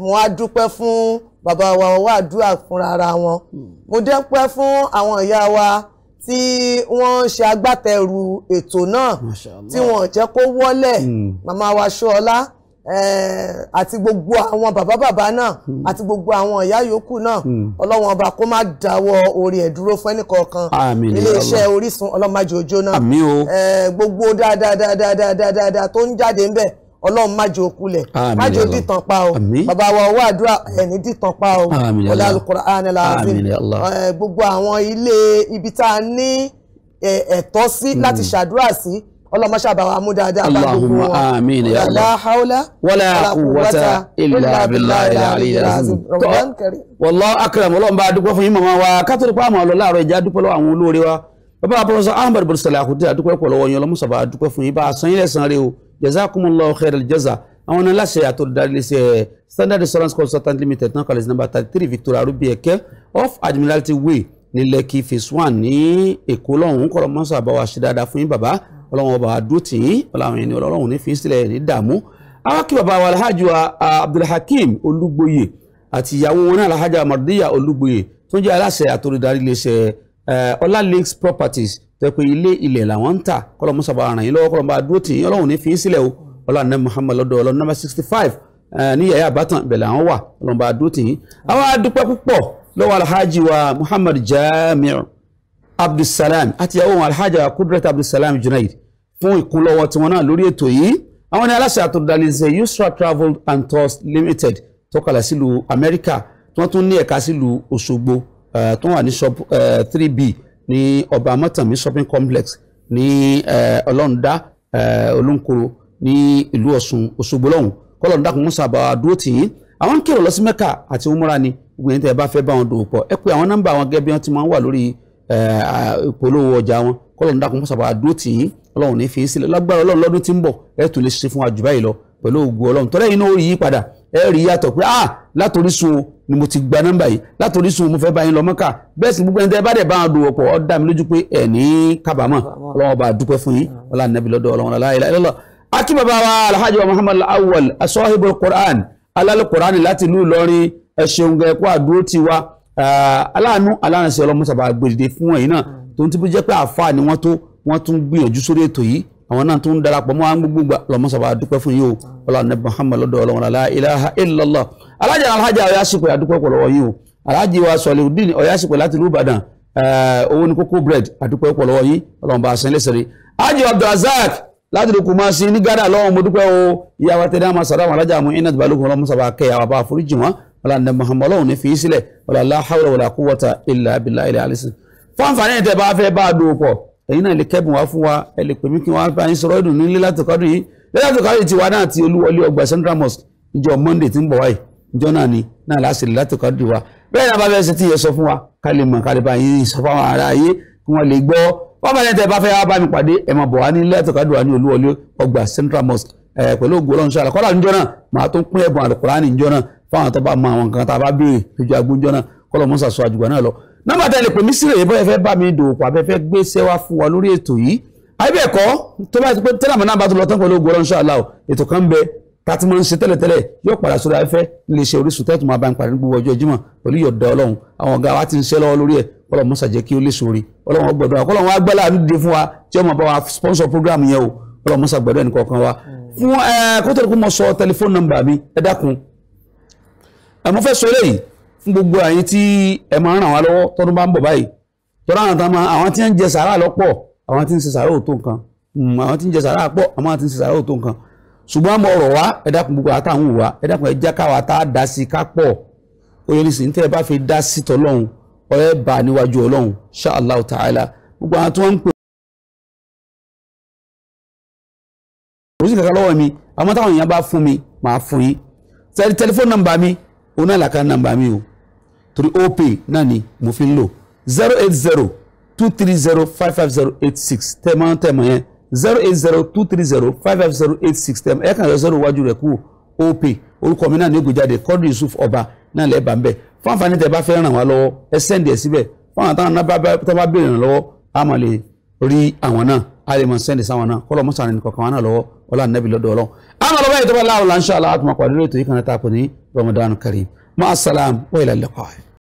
mo á dúpẹ́ fún bàbá wa wà àdúrà fúnra ara wọn hmm. mo dẹ́pẹ́ fún àwọn ìyá wa tí wọ́n ṣe agbátẹrù ètò náà tí wọ́n jẹ́ kó wọ́lẹ̀ hmm. màmá wa ṣọ́ọ́lá Eh, àti gbogbo àwọn bàbá bàbá náà hmm. àti gbogbo àwọn ìyá yòókù náà hmm. ọlọ́wọ́n ọba kó má dáwọ́ orí ẹ̀ dúró fún ẹnìkọ̀ọ̀kan iléeṣẹ́ Orísun ọlọ́mọdé náà eh, gbogbo dáadáa tó ń jáde ń bẹ̀ ọlọ́run májò kulẹ̀ májò dìtàn pa o bàbá wa ọwọ́ àdúrà ẹni dìtàn pa o ọlá Al-Qur'an al eh, gbogbo àwọn ilé ibi tá a ní ẹ̀tọ́ sí hmm. láti ṣàdúrà sí ọlọ́mọ ṣàbà wa mú dáadáa bá gbogbo wọn àmín ya Allah la hawla wala quwwata
illa billahi aliyyil azim ramadan karim wallahu akram ọlọ́run bá dúpẹ́ fún yín màmá wa kátólì pa àmọ́ ọlọ́lá àrọ̀ ìjà dúpẹ́ lọ́wọ́ àwọn olóore wa bàbá professor ahmed bin salahuddin ti àdúpẹ́ pọ̀ lọ́wọ́ yín ọlọ́mọṣàbà dúpẹ́ fún yín bá a san yín lẹ́san rẹ̀ o jazakumullahu standard insurance consultant limited náà kàlẹ́sì nàmbà thirty three victoria rubi ẹ̀kẹ́ off admiralty way ní lẹ́kì phase one ní èkó lọ́hùn-ún kọ́lọ́ ṣe dáadáa fún yín bàbá ọlọ́run ọba àdúrótì yín ọlọ́run ẹni ọlọ́run ní fi sílẹ̀ ní dààmú àwọn kí bàbá wa alhaji wa abdulhakeem olúgbòye àti ìyàwó wọn náà alhaji amadiya olúgbòye tó jẹ́ aláṣẹ àtòrídarí iléeṣẹ́ ọlá links properties tẹ́ pé ilé ilẹ̀ làwọn ń tà kọ́lọ́mù sábà ràn yín lọ́wọ́ kọ́lọ́mù àdúrótì yín ọlọ́run ní fi sílẹ̀ o ọlọ́run náà muhammed lọ́dọ̀ ọlọ́run number sixty five ní yàyà àbátan bẹ̀lẹ̀ abdulsalam àti ìyàwó wọn alhaja kudrat abdulsalam junaid fún ìkúnlọ́wọ́ tiwọn náà lórí ètò yìí àwọn ní aláṣẹ àtòdàlẹ́sẹ̀ yusra travel and tours limited tó kalẹ̀ sílùú America, tí wọ́n tún ní ẹ̀ka sílùú òṣogbo tó wà ní shop three b ní ọba amọ́tànmí shopping complex ní ọlọ́ọ̀dá olóńkoro ní ìlú ọ̀ṣun òṣogbo lọ́hùn kọ́lọ̀ ńdàkùn musa bá dúró tì í àwọn ń lọ sí mẹ́kà àti umura ni gbìyànjú tẹ́ ẹ bá fẹ́ bá wọn dòwò pọ̀ ẹ pé àwọn nọ́mbà àwọn gẹ́gẹ́ bí wọ́n ti máa ń wà lórí Eh, ìpolówó ọjà wọn kọ́lọ́run dákun fún sábà dúró tì í ọlọ́run ní fi í sílẹ̀ lágbára ọlọ́run lọ́dún tí ń bọ̀ ẹ tún lè ṣe fún wa jù báyìí lọ pẹ̀lú ògùn ọlọ́run tọ́lẹ́ yìí náà ó rí yí padà ẹ rí yàtọ̀ pé ah látòrísun ni mo ti gba nọ́mbà yìí látòrísun mo fẹ́ bá yín lọ mọ́kà bẹ́ẹ̀ sì gbogbo ẹni tẹ́ bá dẹ̀ bá wọn dòwò pọ̀ ó dá mi lójú pé ẹ̀ ní kábàámọ̀ ọlọ́run bá dúpẹ́ fún yín ọlá nàbí lọ́dọ̀ ọlọ́run aláìlá ẹlọ́lọ́ akí bàbá wa alhaji muhammad awwal Ah, aláàánú aláàránṣẹ́ ọlọ́mọṣàbà gbèdìde fún ẹ̀yìn náà hmm. tó ń tibú jẹ́ pé àáfàá ni wọ́n tó wọ́n tún gbìyànjú sórí ètò yìí àwọn náà tó ń darapọ̀ mọ́ àwọn gbogbo ọlọ́mọṣàbà dúpẹ́ fún yìí o hmm. ọlọ́run nẹ́bí Muhammad lọ́dọ̀ ọlọ́run la ilaha illallah alájà alájà ọ̀yáṣípẹ̀ àdúpẹ́ pọ̀ lọ́wọ́ yìí o aláàjì wa sọ̀lẹ́dín ọ̀yáṣípẹ̀ láti ìlú Ìbàdàn eh, owó ní kókó bread àdúpẹ́ pọ̀ lọ́wọ́ yìí ọlọ́run bá a sẹ́yìn lẹ́sẹ̀rẹ́ ajì Abdulrasaq láti lè kú máa sin ní gádà lọ́wọ́ mo dúpẹ́ o ìyá wa tẹ̀lé àmọ́ sàrà àwọn alájà àmọ́ iná ìbálòpọ̀ ọlọ́mọ sábà kẹ́ àwọn bá foríjì wọn ọlá ní muhammadu ọlọ́run ní fi í sílẹ̀ ọlá aláhàwọ̀lá wọlá quwwata illa billahi ilẹ̀ alẹ́sìn fáǹfààní ẹ̀ tẹ́ bá fẹ́ bá a dùn pọ̀ ẹ̀yin náà lè kẹ́bùn wá fún wa ẹ lè pè mí kí wọ́n á bá yín sọ̀rọ̀ ìdùnnú ní Lailatul Qadri yìí Lailatul Qadri ti wá náà ti olúwọlé ọgbà central mosque ìjọ monday ti ń bọ̀ wáyìí ìjọ náà ni náà àwọn lè gbọ́ fáfàlẹ́ tẹ bá fẹ́ wá bá mi pàdé ẹ̀ bọ̀ wá ní Lailatul Qadri ní olúwọlé ọgbà central mosque pẹ̀lú ògùn ọlọ́run ṣọlá kọ́lá níjọ náà màá tó pín ẹ̀bùn àlùkùránì níjọ náà fáwọn tó bá mọ àwọn nǹkan tá a bá béèrè lójú agbóúnjọ náà kọ́lọ̀ mọ́sà sọ àjùgbà náà lọ. nọ́mbà tẹ́lẹ̀ pèmí sílẹ̀ yìí bọ́yẹ fẹ́ bá mi dòwò pàbẹ́ fẹ́ gbé sẹ́wà fún wa lórí ètò yìí. àbẹ̀kọ́ tó bá ti pé tẹ́lẹ̀ àmọ́ náà bá tó lọ tán pẹ̀lú ògbó ọlọ́run ṣáàlà o ètò kan bẹ tàti máa ń ṣe tẹ́lẹ̀tẹ́lẹ̀ yóò padà sórí afẹ́fẹ́ lè ṣe Orísun tẹ́tù máa bá ń parí gbogbo ọjọ́ Jímọ̀ pẹ̀lú yọ̀dá Ọlọ́run àwọn ọ̀gá wa ti ń ṣe lọ́wọ́ lórí ẹ̀ Ọlọ́run mọ́sà jẹ́ kí ó lè sórí Ọlọ́run gbọ́dọ̀ Ọlọ́run wa gbọ́dọ̀ àdúgbò fún wa tí ó bá wa sponsor program yẹn o Ọlọ́run mọ́sà gbọ́dọ̀ ẹnì wa fún ẹ kótó àmọ́ fẹ́ sọ eléyìí fún gbogbo àyín tí ẹ máa ń ràn wá lọ́wọ́ tọ́dún bá ń bọ̀ báyìí tọ́ra àwọn tán máa àwọn tí ń jẹ sàárà lọ́pọ̀ àwọn tí ń ṣe sàárà òótó nǹkan hmm, àwọn tí ń jẹ sàárà pọ̀ àwọn tí ń ṣe sàárà òótó nǹkan ṣùgbọ́n àmọ́ ọ̀rọ̀ wa ẹ dákun gbogbo àtàwọn wa ẹ dákun ẹ já káwa tá a dá sí ká pọ̀ oyè ní sìn tẹ́ bá fi dá sí tọ́lọ́hún ọ̀rẹ́ bá níwájú ọlọ́hún insha ta'ala gbogbo àwọn tí wọ́n ń pè òsì kankan lọ́wọ́ mi àwọn táwọn èèyàn bá fún mi màá fún yín tẹlifóònù mi òun náà làkà nàmbà mi o torí opay náà ni mo fi ń lò zero eight zero two three zero five five zero eight six tẹ̀mọ́ tẹ̀mọ́ yẹn zero eight zero two three zero five five zero eight six tẹ̀mọ́ ẹ̀ kàn zero iwájú rẹ̀ kú opay orúkọ mi náà ní ògùjáde kọ́dù yusuf ọba náà lẹ́ẹ̀ bá ń bẹ̀ fún àǹfààní tẹ̀ bá fẹ́ ràn wá lọ́wọ́ ẹ sẹ́ndì ẹ̀ síbẹ̀ fún àwọn táwọn náà bá bá béèrè lọ́wọ́ á máa lè rí àwọn náà a lè mọ̀ sẹ́ndì sáwọn náà kọ́lọ̀ mọ́sàn ní kọ̀ọ̀kan náà lọ́wọ́ ọlá nàbì lọ́dọ̀ ọlọ́run àwọn ọlọ́wọ́ ìjọba láwùlà ń ṣe aláàtúmọ̀ pàdé lóòótọ́ yìí kan náà tá ní Ramadan Kareem ma'as salam wa ila